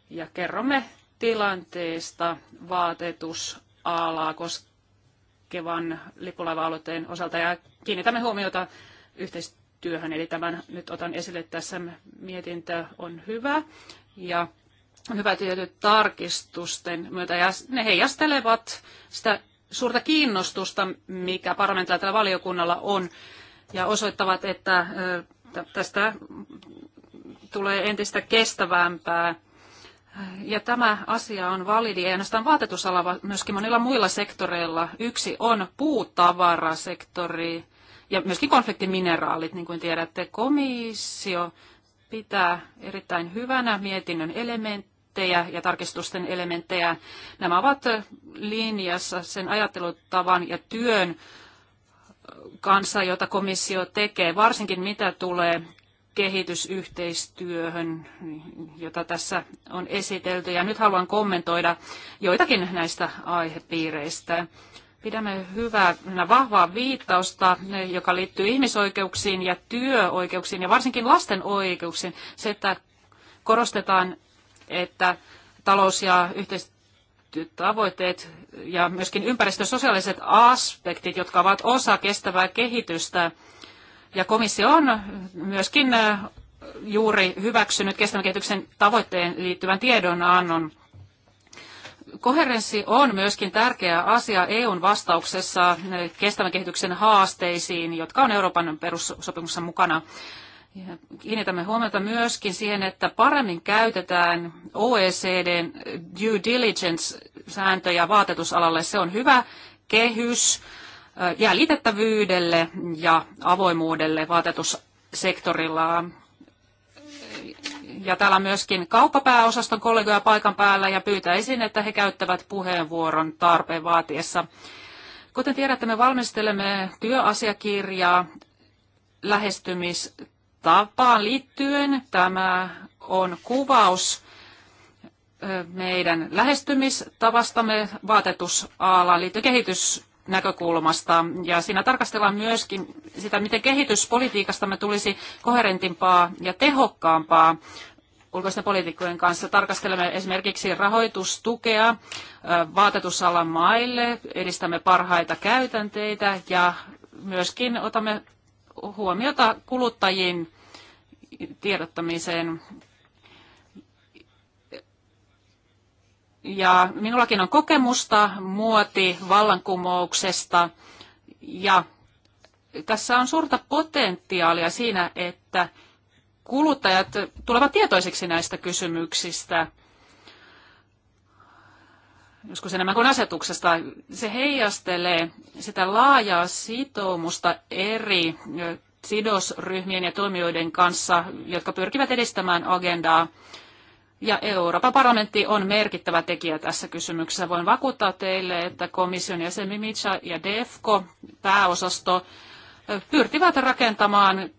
[SPEAKER 1] ja kerromme tilanteesta vaatetusalaa koskevan lipulaiva-aloitteen osalta ja kiinnitämme huomiota yhteistyöhön työhön. Eli tämän nyt otan esille tässä. Mietintö on hyvä ja hyvä tietyt tarkistusten myötä. Ja ne heijastelevat sitä suurta kiinnostusta, mikä parlamentilla valiokunnalla on, ja osoittavat, että tästä tulee entistä kestävämpää. Ja tämä asia on validi ei ainoastaan vaatetusalalla, vaan myöskin monilla muilla sektoreilla. Yksi on puutavarasektori, ja myöskin konfliktimineraalit, niin kuin tiedätte, komissio pitää erittäin hyvänä mietinnön elementtejä ja tarkistusten elementtejä. Nämä ovat linjassa sen ajattelutavan ja työn kanssa, jota komissio tekee, varsinkin mitä tulee kehitysyhteistyöhön, jota tässä on esitelty. Ja nyt haluan kommentoida joitakin näistä aihepiireistä. Pidämme hyvää, vahvaa viittausta, joka liittyy ihmisoikeuksiin ja työoikeuksiin ja varsinkin lasten oikeuksiin. Se, että korostetaan, että talous- ja yhteistyötavoitteet ja myöskin ympäristösosiaaliset aspektit, jotka ovat osa kestävää kehitystä. Ja komissio on myöskin äh, juuri hyväksynyt kestävän kehityksen tavoitteen liittyvän tiedonannon. Koherenssi on myöskin tärkeä asia EUn vastauksessa eh, kestävän kehityksen haasteisiin, jotka on Euroopan perussopimuksessa mukana. Ja kiinnitämme huomiota myöskin siihen, että paremmin käytetään OECDn due diligence-sääntöjä vaatetusalalle. Se on hyvä kehys eh, jäljitettävyydelle ja avoimuudelle vaatetussektorilla ja täällä myöskin kauppapääosaston kollegoja paikan päällä ja pyytäisin, että he käyttävät puheenvuoron tarpeen vaatiessa. Kuten tiedätte, me valmistelemme työasiakirjaa lähestymistapaan liittyen. Tämä on kuvaus meidän lähestymistavastamme vaatetusalaan liittyen kehitys näkökulmasta. Ja siinä tarkastellaan myöskin sitä, miten kehityspolitiikastamme tulisi koherentimpaa ja tehokkaampaa ulkoisten poliitikkojen kanssa. Tarkastelemme esimerkiksi rahoitustukea vaatetusalan maille, edistämme parhaita käytänteitä ja myöskin otamme huomiota kuluttajiin tiedottamiseen. Ja minullakin on kokemusta muoti vallankumouksesta ja tässä on suurta potentiaalia siinä, että kuluttajat tulevat tietoisiksi näistä kysymyksistä. Joskus enemmän kuin asetuksesta. Se heijastelee sitä laajaa sitoumusta eri sidosryhmien ja toimijoiden kanssa, jotka pyrkivät edistämään agendaa ja Euroopan parlamentti on merkittävä tekijä tässä kysymyksessä. Voin vakuuttaa teille, että komission jäsen Mimica ja DEFCO, pääosasto, pyrkivät rakentamaan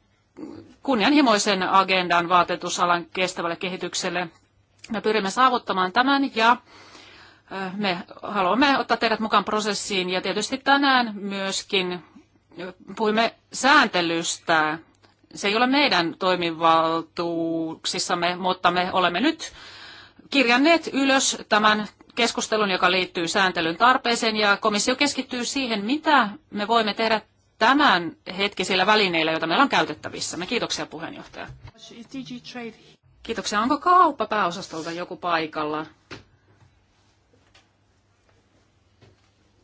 [SPEAKER 1] kunnianhimoisen agendan vaatetusalan kestävälle kehitykselle. Me pyrimme saavuttamaan tämän ja me haluamme ottaa teidät mukaan prosessiin ja tietysti tänään myöskin puhumme sääntelystä se ei ole meidän toimivaltuuksissamme, mutta me olemme nyt kirjanneet ylös tämän keskustelun, joka liittyy sääntelyn tarpeeseen, ja komissio keskittyy siihen, mitä me voimme tehdä tämän hetkisillä välineillä, joita meillä on Me Kiitoksia puheenjohtaja. Kiitoksia. Onko kauppa pääosastolta joku paikalla?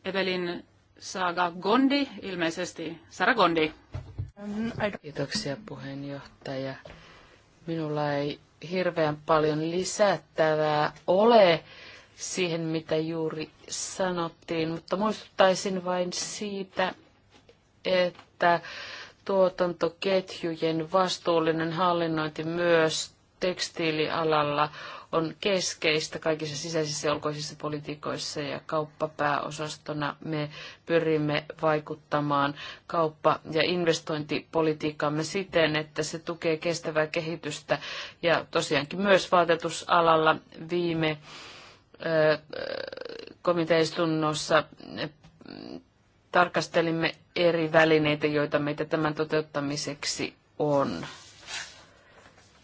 [SPEAKER 1] Evelin Saga Gondi, ilmeisesti. Sara Gondi.
[SPEAKER 2] Kiitoksia puheenjohtaja. Minulla ei hirveän paljon lisättävää ole siihen, mitä juuri sanottiin, mutta muistuttaisin vain siitä, että tuotantoketjujen vastuullinen hallinnointi myös tekstiilialalla on keskeistä kaikissa sisäisissä ja ulkoisissa politiikoissa ja kauppapääosastona me pyrimme vaikuttamaan kauppa- ja investointipolitiikkaamme siten, että se tukee kestävää kehitystä ja tosiaankin myös vaatetusalalla viime komiteistunnossa tarkastelimme eri välineitä, joita meitä tämän toteuttamiseksi on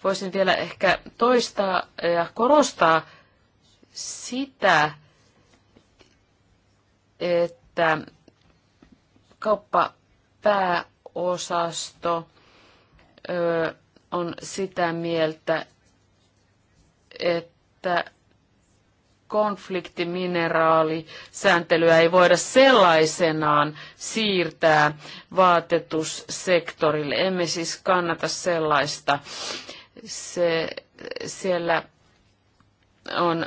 [SPEAKER 2] voisin vielä ehkä toistaa ja korostaa sitä, että kauppapääosasto on sitä mieltä, että sääntelyä ei voida sellaisenaan siirtää vaatetussektorille. Emme siis kannata sellaista. Ö, se, siellä on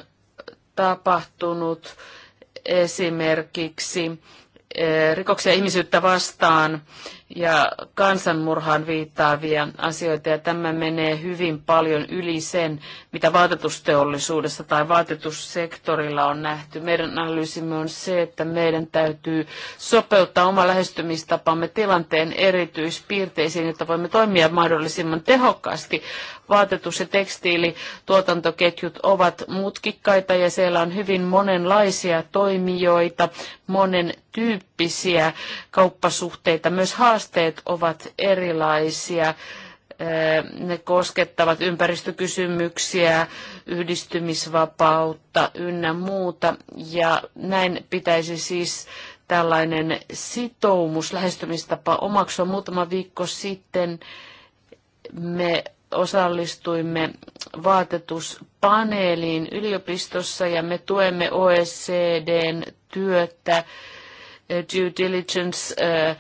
[SPEAKER 2] tapahtunut esimerkiksi eh, rikoksia ihmisyyttä vastaan ja kansanmurhaan viittaavia asioita, ja tämä menee hyvin paljon yli sen, mitä vaatetusteollisuudessa tai vaatetussektorilla on nähty. Meidän analyysimme on se, että meidän täytyy sopeuttaa oma lähestymistapamme tilanteen erityispiirteisiin, jotta voimme toimia mahdollisimman tehokkaasti. Vaatetus- ja tekstiilituotantoketjut ovat mutkikkaita, ja siellä on hyvin monenlaisia toimijoita, monen tyyppi tyyppisiä kauppasuhteita. Myös haasteet ovat erilaisia. Ne koskettavat ympäristökysymyksiä, yhdistymisvapautta ynnä muuta. Ja näin pitäisi siis tällainen sitoumus, lähestymistapa omaksua. Muutama viikko sitten me osallistuimme vaatetuspaneeliin yliopistossa ja me tuemme OECDn työtä due diligence eh,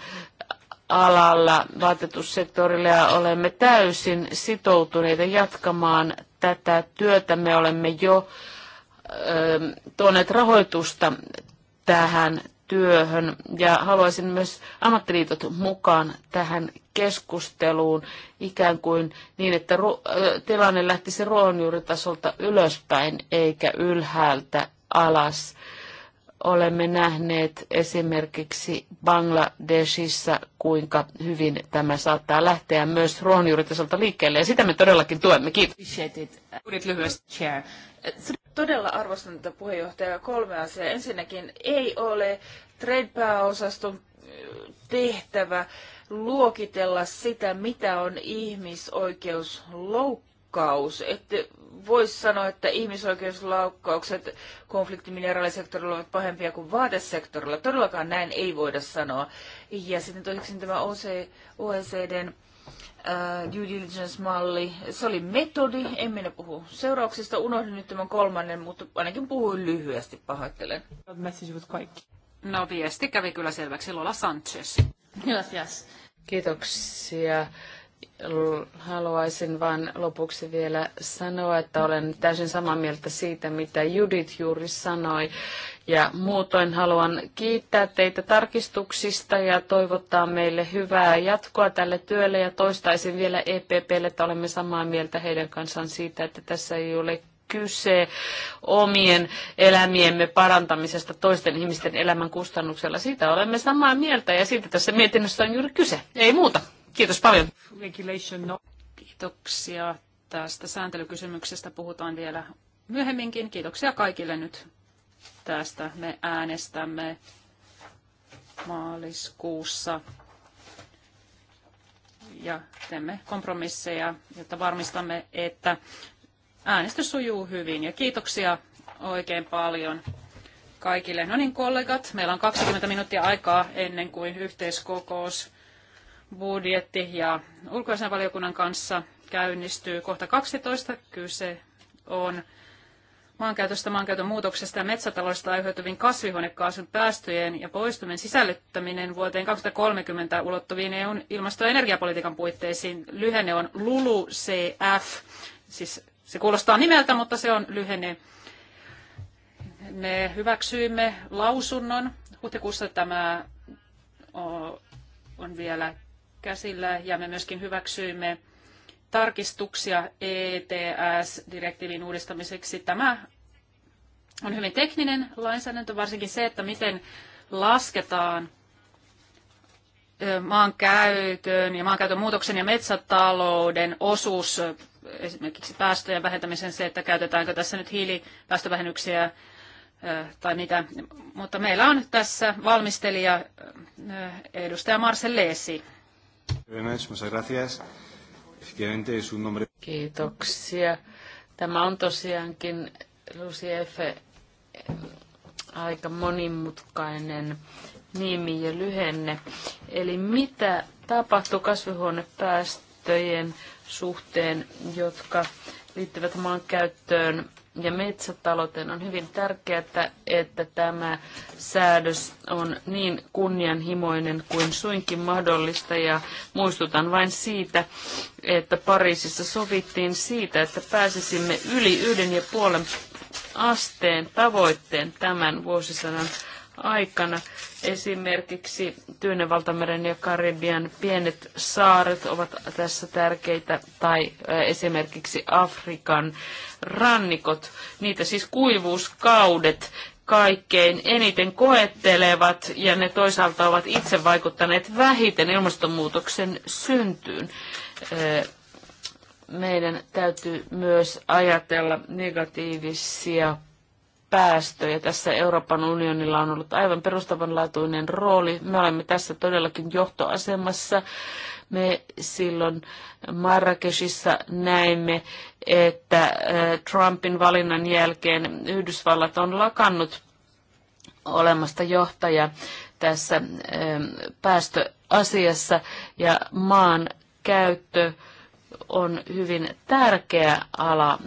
[SPEAKER 2] alalla, vaatetussektorilla ja olemme täysin sitoutuneita jatkamaan tätä työtä. Me olemme jo eh, tuoneet rahoitusta tähän työhön ja haluaisin myös ammattiliitot mukaan tähän keskusteluun ikään kuin niin, että eh, tilanne lähtisi ruohonjuuritasolta ylöspäin eikä ylhäältä alas. Olemme nähneet esimerkiksi Bangladesissa, kuinka hyvin tämä saattaa lähteä myös ruohonjuuritasolta liikkeelle, ja sitä me todellakin tuemme. Kiitos.
[SPEAKER 3] lyhyesti. Todella arvostan tätä puheenjohtajaa kolme asiaa. Ensinnäkin ei ole trade-pääosaston tehtävä luokitella sitä, mitä on ihmisoikeusloukkaus loukkaus. että voisi sanoa, että ihmisoikeusloukkaukset konfliktimineraalisektorilla ovat pahempia kuin vaatesektorilla. Todellakaan näin ei voida sanoa. Ja sitten toiseksi tämä OECDn äh, due diligence-malli. Se oli metodi, en minä puhu seurauksista, unohdin nyt tämän kolmannen, mutta ainakin puhuin lyhyesti, pahoittelen.
[SPEAKER 1] No viesti kävi kyllä selväksi, Lola Sanchez. Gracias.
[SPEAKER 2] Kiitoksia haluaisin vain lopuksi vielä sanoa, että olen täysin samaa mieltä siitä, mitä Judith juuri sanoi. Ja muutoin haluan kiittää teitä tarkistuksista ja toivottaa meille hyvää jatkoa tälle työlle. Ja toistaisin vielä EPPlle, että olemme samaa mieltä heidän kanssaan siitä, että tässä ei ole kyse omien elämiemme parantamisesta toisten ihmisten elämän kustannuksella. Siitä olemme samaa mieltä ja siitä tässä mietinnössä on juuri kyse. Ei muuta. Kiitos paljon.
[SPEAKER 1] No- kiitoksia tästä sääntelykysymyksestä. Puhutaan vielä myöhemminkin. Kiitoksia kaikille nyt tästä. Me äänestämme maaliskuussa ja teemme kompromisseja, jotta varmistamme, että äänestys sujuu hyvin. Ja kiitoksia oikein paljon kaikille. No niin, kollegat, meillä on 20 minuuttia aikaa ennen kuin yhteiskokous budjetti ja ulkoisen valiokunnan kanssa käynnistyy kohta 12. Kyse on maankäytöstä, maankäytön muutoksesta ja metsätaloudesta aiheutuvien kasvihuonekaasun päästöjen ja poistumien sisällyttäminen vuoteen 2030 ulottuviin EUn ilmasto- ja energiapolitiikan puitteisiin. Lyhenne on LULUCF. Siis se kuulostaa nimeltä, mutta se on lyhenne. Me hyväksyimme lausunnon. Huhtikuussa tämä on vielä käsillä ja me myöskin hyväksyimme tarkistuksia ETS-direktiivin uudistamiseksi. Tämä on hyvin tekninen lainsäädäntö, varsinkin se, että miten lasketaan maankäytön ja maankäytön muutoksen ja metsätalouden osuus esimerkiksi päästöjen vähentämisen se, että käytetäänkö tässä nyt hiilipäästövähennyksiä tai mitä. Mutta meillä on tässä valmistelija edustaja Marcel Leesi.
[SPEAKER 2] Kiitoksia. Tämä on tosiaankin Luciefe eh, aika monimutkainen nimi ja lyhenne. Eli mitä tapahtuu kasvihuonepäästöjen suhteen, jotka liittyvät maankäyttöön, ja metsätalouteen on hyvin tärkeää, että tämä säädös on niin kunnianhimoinen kuin suinkin mahdollista. Ja muistutan vain siitä, että Pariisissa sovittiin siitä, että pääsisimme yli yhden ja puolen asteen tavoitteen tämän vuosisadan aikana. Esimerkiksi Tyynevaltameren ja Karibian pienet saaret ovat tässä tärkeitä, tai esimerkiksi Afrikan rannikot. Niitä siis kuivuuskaudet kaikkein eniten koettelevat ja ne toisaalta ovat itse vaikuttaneet vähiten ilmastonmuutoksen syntyyn. Meidän täytyy myös ajatella negatiivisia päästöjä. Tässä Euroopan unionilla on ollut aivan perustavanlaatuinen rooli. Me olemme tässä todellakin johtoasemassa. Me silloin Marrakeshissa näimme, että äh, Trumpin valinnan jälkeen Yhdysvallat on lakannut olemasta johtaja tässä ähm, päästöasiassa ja maan käyttö on hyvin tärkeä ala,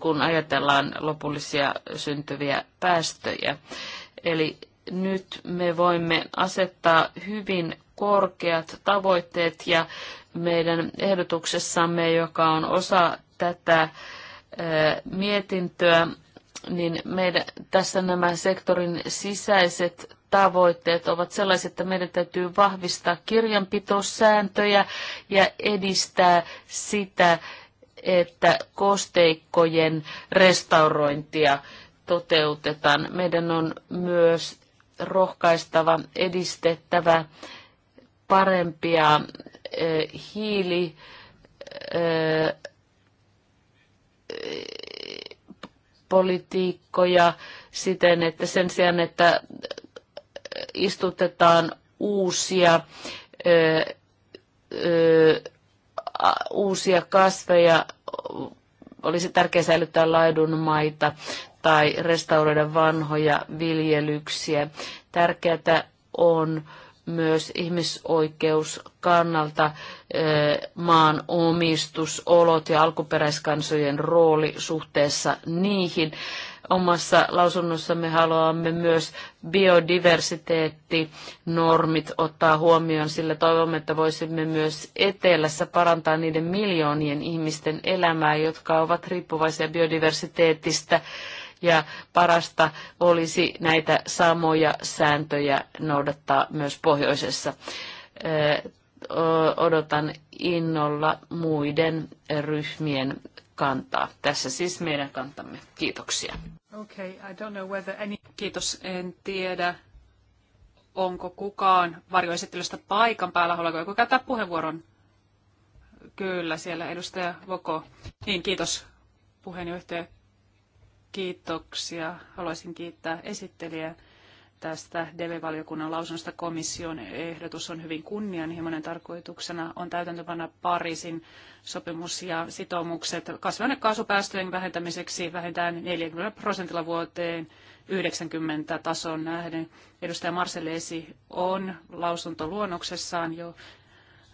[SPEAKER 2] kun ajatellaan lopullisia syntyviä päästöjä. Eli nyt me voimme asettaa hyvin korkeat tavoitteet ja meidän ehdotuksessamme, joka on osa tätä mietintöä, niin meidän, tässä nämä sektorin sisäiset tavoitteet ovat sellaiset, että meidän täytyy vahvistaa kirjanpitosääntöjä ja edistää sitä, että kosteikkojen restaurointia toteutetaan. Meidän on myös rohkaistava, edistettävä parempia hiili politiikkoja siten, että sen sijaan, että istutetaan uusia, ö, ö, uusia kasveja, olisi tärkeää säilyttää laidunmaita tai restauroida vanhoja viljelyksiä. Tärkeää on myös ihmisoikeus kannalta maan omistusolot ja alkuperäiskansojen rooli suhteessa niihin. Omassa lausunnossamme haluamme myös biodiversiteettinormit ottaa huomioon, sillä toivomme, että voisimme myös etelässä parantaa niiden miljoonien ihmisten elämää, jotka ovat riippuvaisia biodiversiteetistä ja parasta olisi näitä samoja sääntöjä noudattaa myös pohjoisessa. Odotan innolla muiden ryhmien kantaa. Tässä siis meidän kantamme. Kiitoksia.
[SPEAKER 1] Okay, I don't know whether any... Kiitos. En tiedä, onko kukaan varjoesittelystä paikan päällä. Haluaako joku käyttää puheenvuoron? Kyllä, siellä edustaja Voko. Niin, kiitos puheenjohtaja. Kiitoksia. Haluaisin kiittää esittelijää tästä DV-valiokunnan lausunnosta komission ehdotus on hyvin kunnianhimoinen. Tarkoituksena on täytäntöpanna Pariisin sopimus ja sitoumukset kasvihuonekaasupäästöjen vähentämiseksi vähintään 40 prosentilla vuoteen 90 tason nähden. Edustaja Marselesi on lausuntoluonnoksessaan jo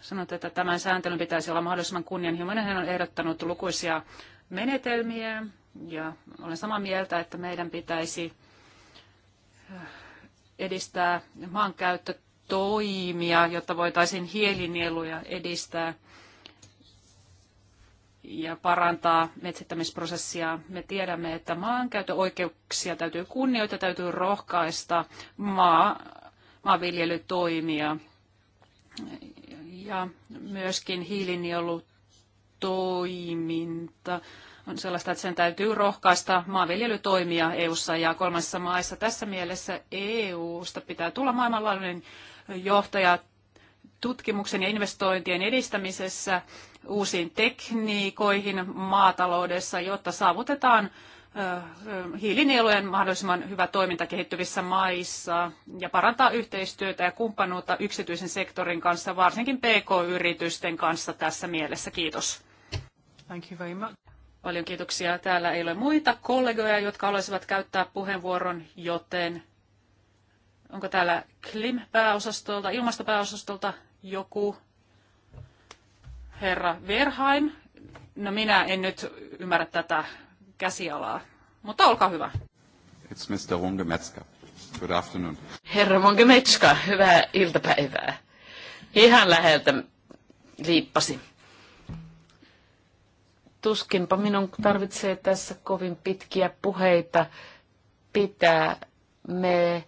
[SPEAKER 1] sanonut, että tämän sääntelyn pitäisi olla mahdollisimman kunnianhimoinen. Hän on ehdottanut lukuisia menetelmiä ja olen samaa mieltä, että meidän pitäisi edistää maankäyttötoimia, jotta voitaisiin hiilinieluja edistää ja parantaa metsittämisprosessia. Me tiedämme, että maankäyttöoikeuksia täytyy kunnioittaa, täytyy rohkaista maa, maanviljelytoimia ja myöskin hiilinielutoiminta on sellaista, että sen täytyy rohkaista maanviljelytoimia EU-ssa ja kolmansissa maissa. Tässä mielessä EU-sta pitää tulla maailmanlaajuinen johtaja tutkimuksen ja investointien edistämisessä uusiin tekniikoihin maataloudessa, jotta saavutetaan hiilinielujen mahdollisimman hyvä toiminta kehittyvissä maissa ja parantaa yhteistyötä ja kumppanuutta yksityisen sektorin kanssa, varsinkin PK-yritysten kanssa tässä mielessä. Kiitos. Thank you very much. Paljon kiitoksia. Täällä ei ole muita kollegoja, jotka haluaisivat käyttää puheenvuoron, joten onko täällä Klim-pääosastolta, ilmastopääosastolta joku herra Verheim? No minä en nyt ymmärrä tätä käsialaa, mutta olkaa hyvä. It's Mr. Runge Metzger. Good afternoon. Herra Runge Metzger, hyvää iltapäivää. Ihan
[SPEAKER 2] läheltä liippasi. Tuskinpa minun tarvitsee tässä kovin pitkiä puheita pitää. Me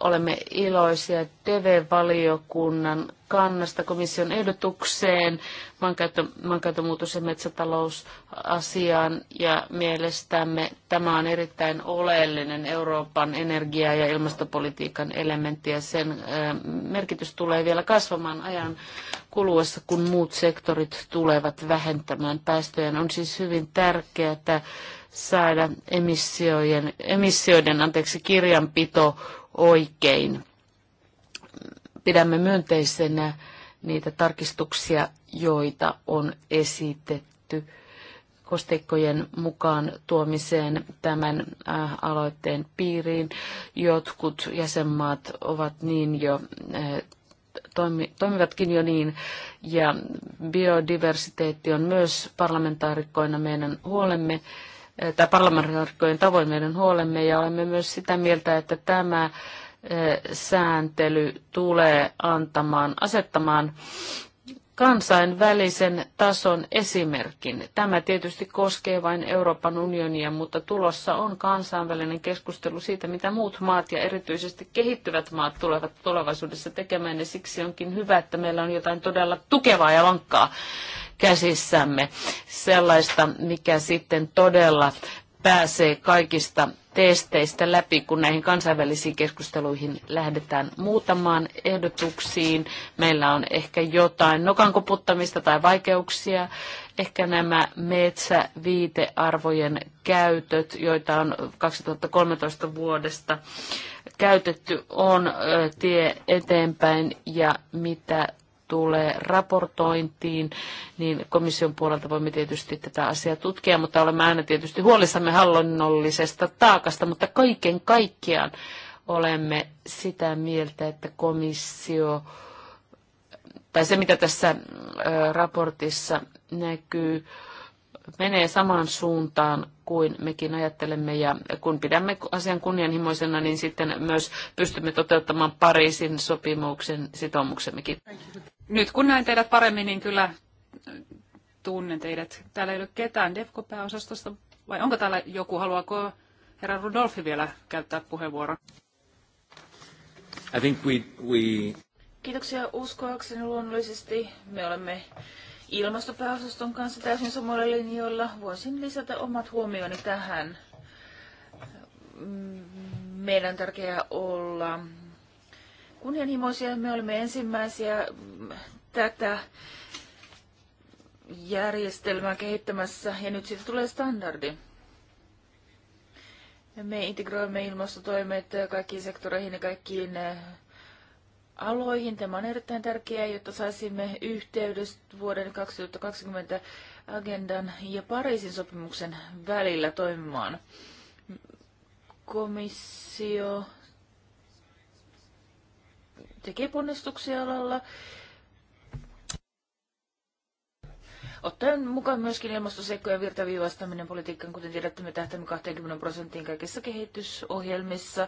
[SPEAKER 2] olemme iloisia TV-valiokunnan kannasta komission ehdotukseen maankäyttö, maankäyttömuutos- ja metsätalousasiaan ja mielestämme tämä on erittäin oleellinen Euroopan energia- ja ilmastopolitiikan elementti ja sen merkitys tulee vielä kasvamaan ajan kuluessa, kun muut sektorit tulevat vähentämään päästöjä. On siis hyvin tärkeää, että saada emissioiden, emissioiden anteeksi, kirjanpito oikein. Pidämme myönteisenä niitä tarkistuksia, joita on esitetty kosteikkojen mukaan tuomiseen tämän äh, aloitteen piiriin. Jotkut jäsenmaat ovat niin jo äh, toimivatkin jo niin. Ja biodiversiteetti on myös parlamentaarikkoina meidän huolemme tai parlamentaarikkojen tavoin meidän huolemme ja olemme myös sitä mieltä, että tämä eh, sääntely tulee antamaan, asettamaan kansainvälisen tason esimerkin. Tämä tietysti koskee vain Euroopan unionia, mutta tulossa on kansainvälinen keskustelu siitä, mitä muut maat ja erityisesti kehittyvät maat tulevat tulevaisuudessa tekemään. Ja siksi onkin hyvä, että meillä on jotain todella tukevaa ja vankkaa käsissämme. Sellaista, mikä sitten todella pääsee kaikista testeistä läpi, kun näihin kansainvälisiin keskusteluihin lähdetään muutamaan ehdotuksiin. Meillä on ehkä jotain nokankoputtamista tai vaikeuksia. Ehkä nämä metsäviitearvojen käytöt, joita on 2013 vuodesta käytetty, on tie eteenpäin ja mitä tulee raportointiin, niin komission puolelta voimme tietysti tätä asiaa tutkia, mutta olemme aina tietysti huolissamme hallinnollisesta taakasta, mutta kaiken kaikkiaan olemme sitä mieltä, että komissio, tai se mitä tässä raportissa näkyy, menee samaan suuntaan kuin mekin ajattelemme ja kun pidämme asian kunnianhimoisena, niin sitten myös pystymme toteuttamaan Pariisin sopimuksen sitoumuksemmekin.
[SPEAKER 1] Nyt kun näen teidät paremmin, niin kyllä tunnen teidät. Täällä ei ole ketään DEFCO-pääosastosta, vai onko täällä joku? Haluaako herra Rudolfi vielä käyttää puheenvuoron? I think we, we...
[SPEAKER 3] Kiitoksia uskoakseni luonnollisesti. Me olemme ilmastopääosaston kanssa täysin samalla linjoilla. Voisin lisätä omat huomioni tähän. Mm, meidän tärkeää olla kunnianhimoisia. Me olemme ensimmäisiä mm, tätä järjestelmää kehittämässä ja nyt siitä tulee standardi. Me integroimme ilmastotoimet kaikkiin sektoreihin ja kaikkiin eh, aloihin. Tämä on erittäin tärkeää, jotta saisimme yhteydessä vuoden 2020 agendan ja Pariisin sopimuksen välillä toimimaan. Komissio tekee ponnistuksia alalla ottaen mukaan myöskin ilmastoseikkojen virtaviivastaminen politiikkaan, kuten tiedätte, me tähtäämme 20 prosenttiin kaikissa kehitysohjelmissa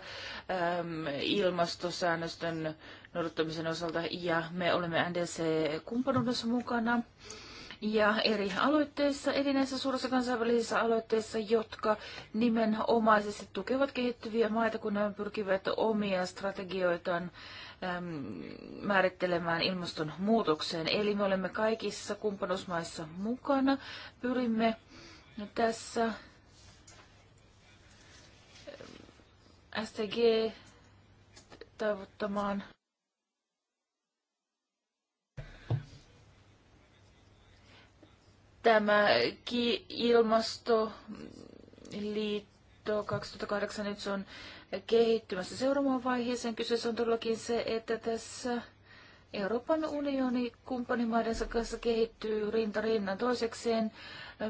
[SPEAKER 3] äm, ilmastosäännösten noudattamisen osalta, ja me olemme NDC-kumppanuudessa mukana ja eri aloitteissa, eli näissä suurissa kansainvälisissä aloitteissa, jotka nimenomaisesti tukevat kehittyviä maita, kun ne pyrkivät omia strategioitaan määrittelemään ilmastonmuutokseen. Eli me olemme kaikissa kumppanuusmaissa mukana. Pyrimme tässä STG tavoittamaan tämä ilmastoliitto 2008 nyt se on kehittymässä seuraavaan vaiheeseen. Kyseessä on todellakin se, että tässä Euroopan unioni kumppanimaidensa kanssa kehittyy rinta rinnan toisekseen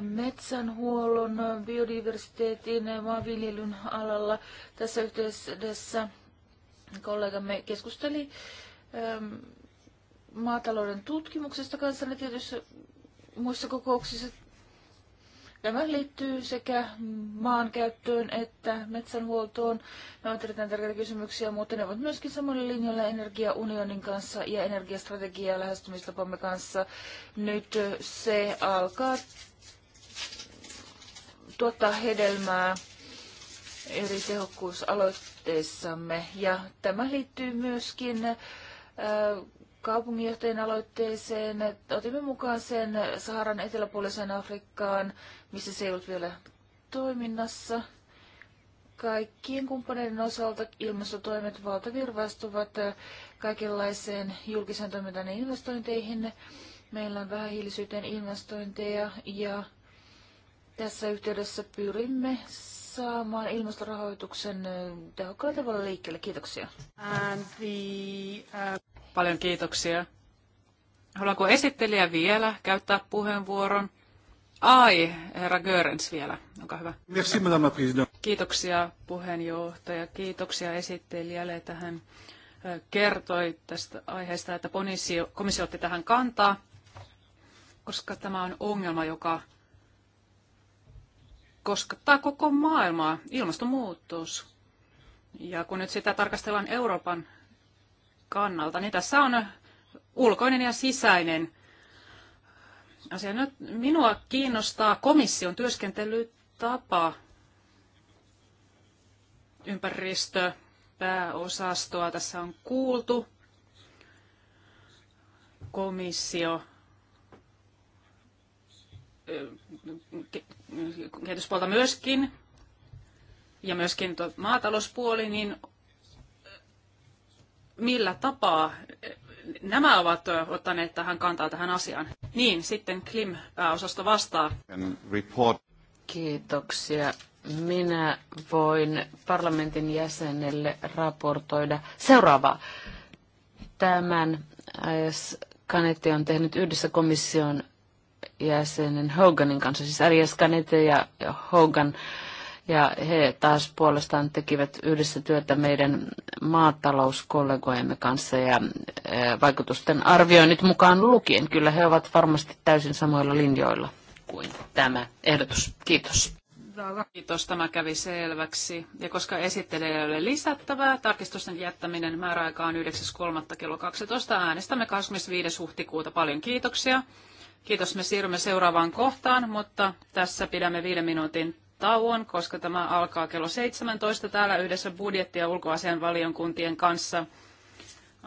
[SPEAKER 3] metsänhuollon, biodiversiteetin ja maanviljelyn alalla. Tässä yhteydessä kollegamme keskusteli maatalouden tutkimuksesta kanssani tietysti muissa kokouksissa. Tämä liittyy sekä maankäyttöön että metsänhuoltoon. Ne ovat erittäin tärkeitä kysymyksiä, mutta ne ovat myöskin samalla linjalla energiaunionin kanssa ja energiastrategia lähestymistapamme kanssa. Nyt se alkaa tuottaa hedelmää eri tehokkuusaloitteissamme. Ja tämä liittyy myöskin äh, kaupunginjohtajien aloitteeseen. Otimme mukaan sen Saharan eteläpuoliseen Afrikkaan, missä se ei ollut vielä toiminnassa. Kaikkien kumppaneiden osalta ilmastotoimet valtavirvaistuvat kaikenlaiseen julkiseen toimintaan ja investointeihin. Meillä on vähähiilisyyteen investointeja ja tässä yhteydessä pyrimme saamaan ilmastorahoituksen tehokkaalla tavalla liikkeelle. Kiitoksia. And the, uh...
[SPEAKER 1] Paljon kiitoksia. Haluanko esittelijä vielä käyttää puheenvuoron? Ai, herra Görens vielä, onko hyvä.
[SPEAKER 3] Merci, madame la présidente.
[SPEAKER 1] Kiitoksia puheenjohtaja, kiitoksia esittelijälle, että hän kertoi tästä aiheesta, että komissio otti tähän kantaa, koska tämä on ongelma, joka koskettaa koko maailmaa, ilmastonmuutos. Ja kun nyt sitä tarkastellaan Euroopan kannalta. Niin tässä on ulkoinen ja sisäinen asia. Nyt minua kiinnostaa komission työskentelytapa ympäristöpääosastoa. Tässä on kuultu komissio kehityspuolta myöskin ja myöskin maatalouspuoli, niin millä tapaa nämä ovat ottaneet tähän kantaa tähän asiaan. Niin, sitten Klim-pääosasto vastaa.
[SPEAKER 2] Kiitoksia. Minä voin parlamentin jäsenelle raportoida seuraavaa. Tämän AS äh, Kanete on tehnyt yhdessä komission jäsenen Hoganin kanssa, siis Arias Kanete ja Hogan ja he taas puolestaan tekivät yhdessä työtä meidän maatalouskollegojemme kanssa ja e, vaikutusten arvioinnit mukaan lukien. Kyllä he ovat varmasti täysin samoilla linjoilla kuin tämä ehdotus. Kiitos.
[SPEAKER 1] Kiitos, tämä kävi selväksi. Ja koska esittelijä ei ole lisättävää, tarkistusten jättäminen määräaika on 9.3. kello 12. Äänestämme 25. huhtikuuta. Paljon kiitoksia. Kiitos, me siirrymme seuraavaan kohtaan, mutta tässä pidämme viiden minuutin tauon, koska tämä alkaa kello 17 täällä yhdessä budjetti- ja ulkoasian valiokuntien kanssa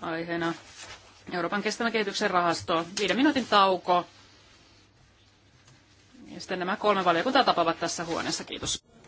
[SPEAKER 1] aiheena Euroopan kestävän kehityksen rahasto. Viiden minuutin tauko. Ja sitten nämä kolme valiokuntaa tapaavat tässä huoneessa. Kiitos.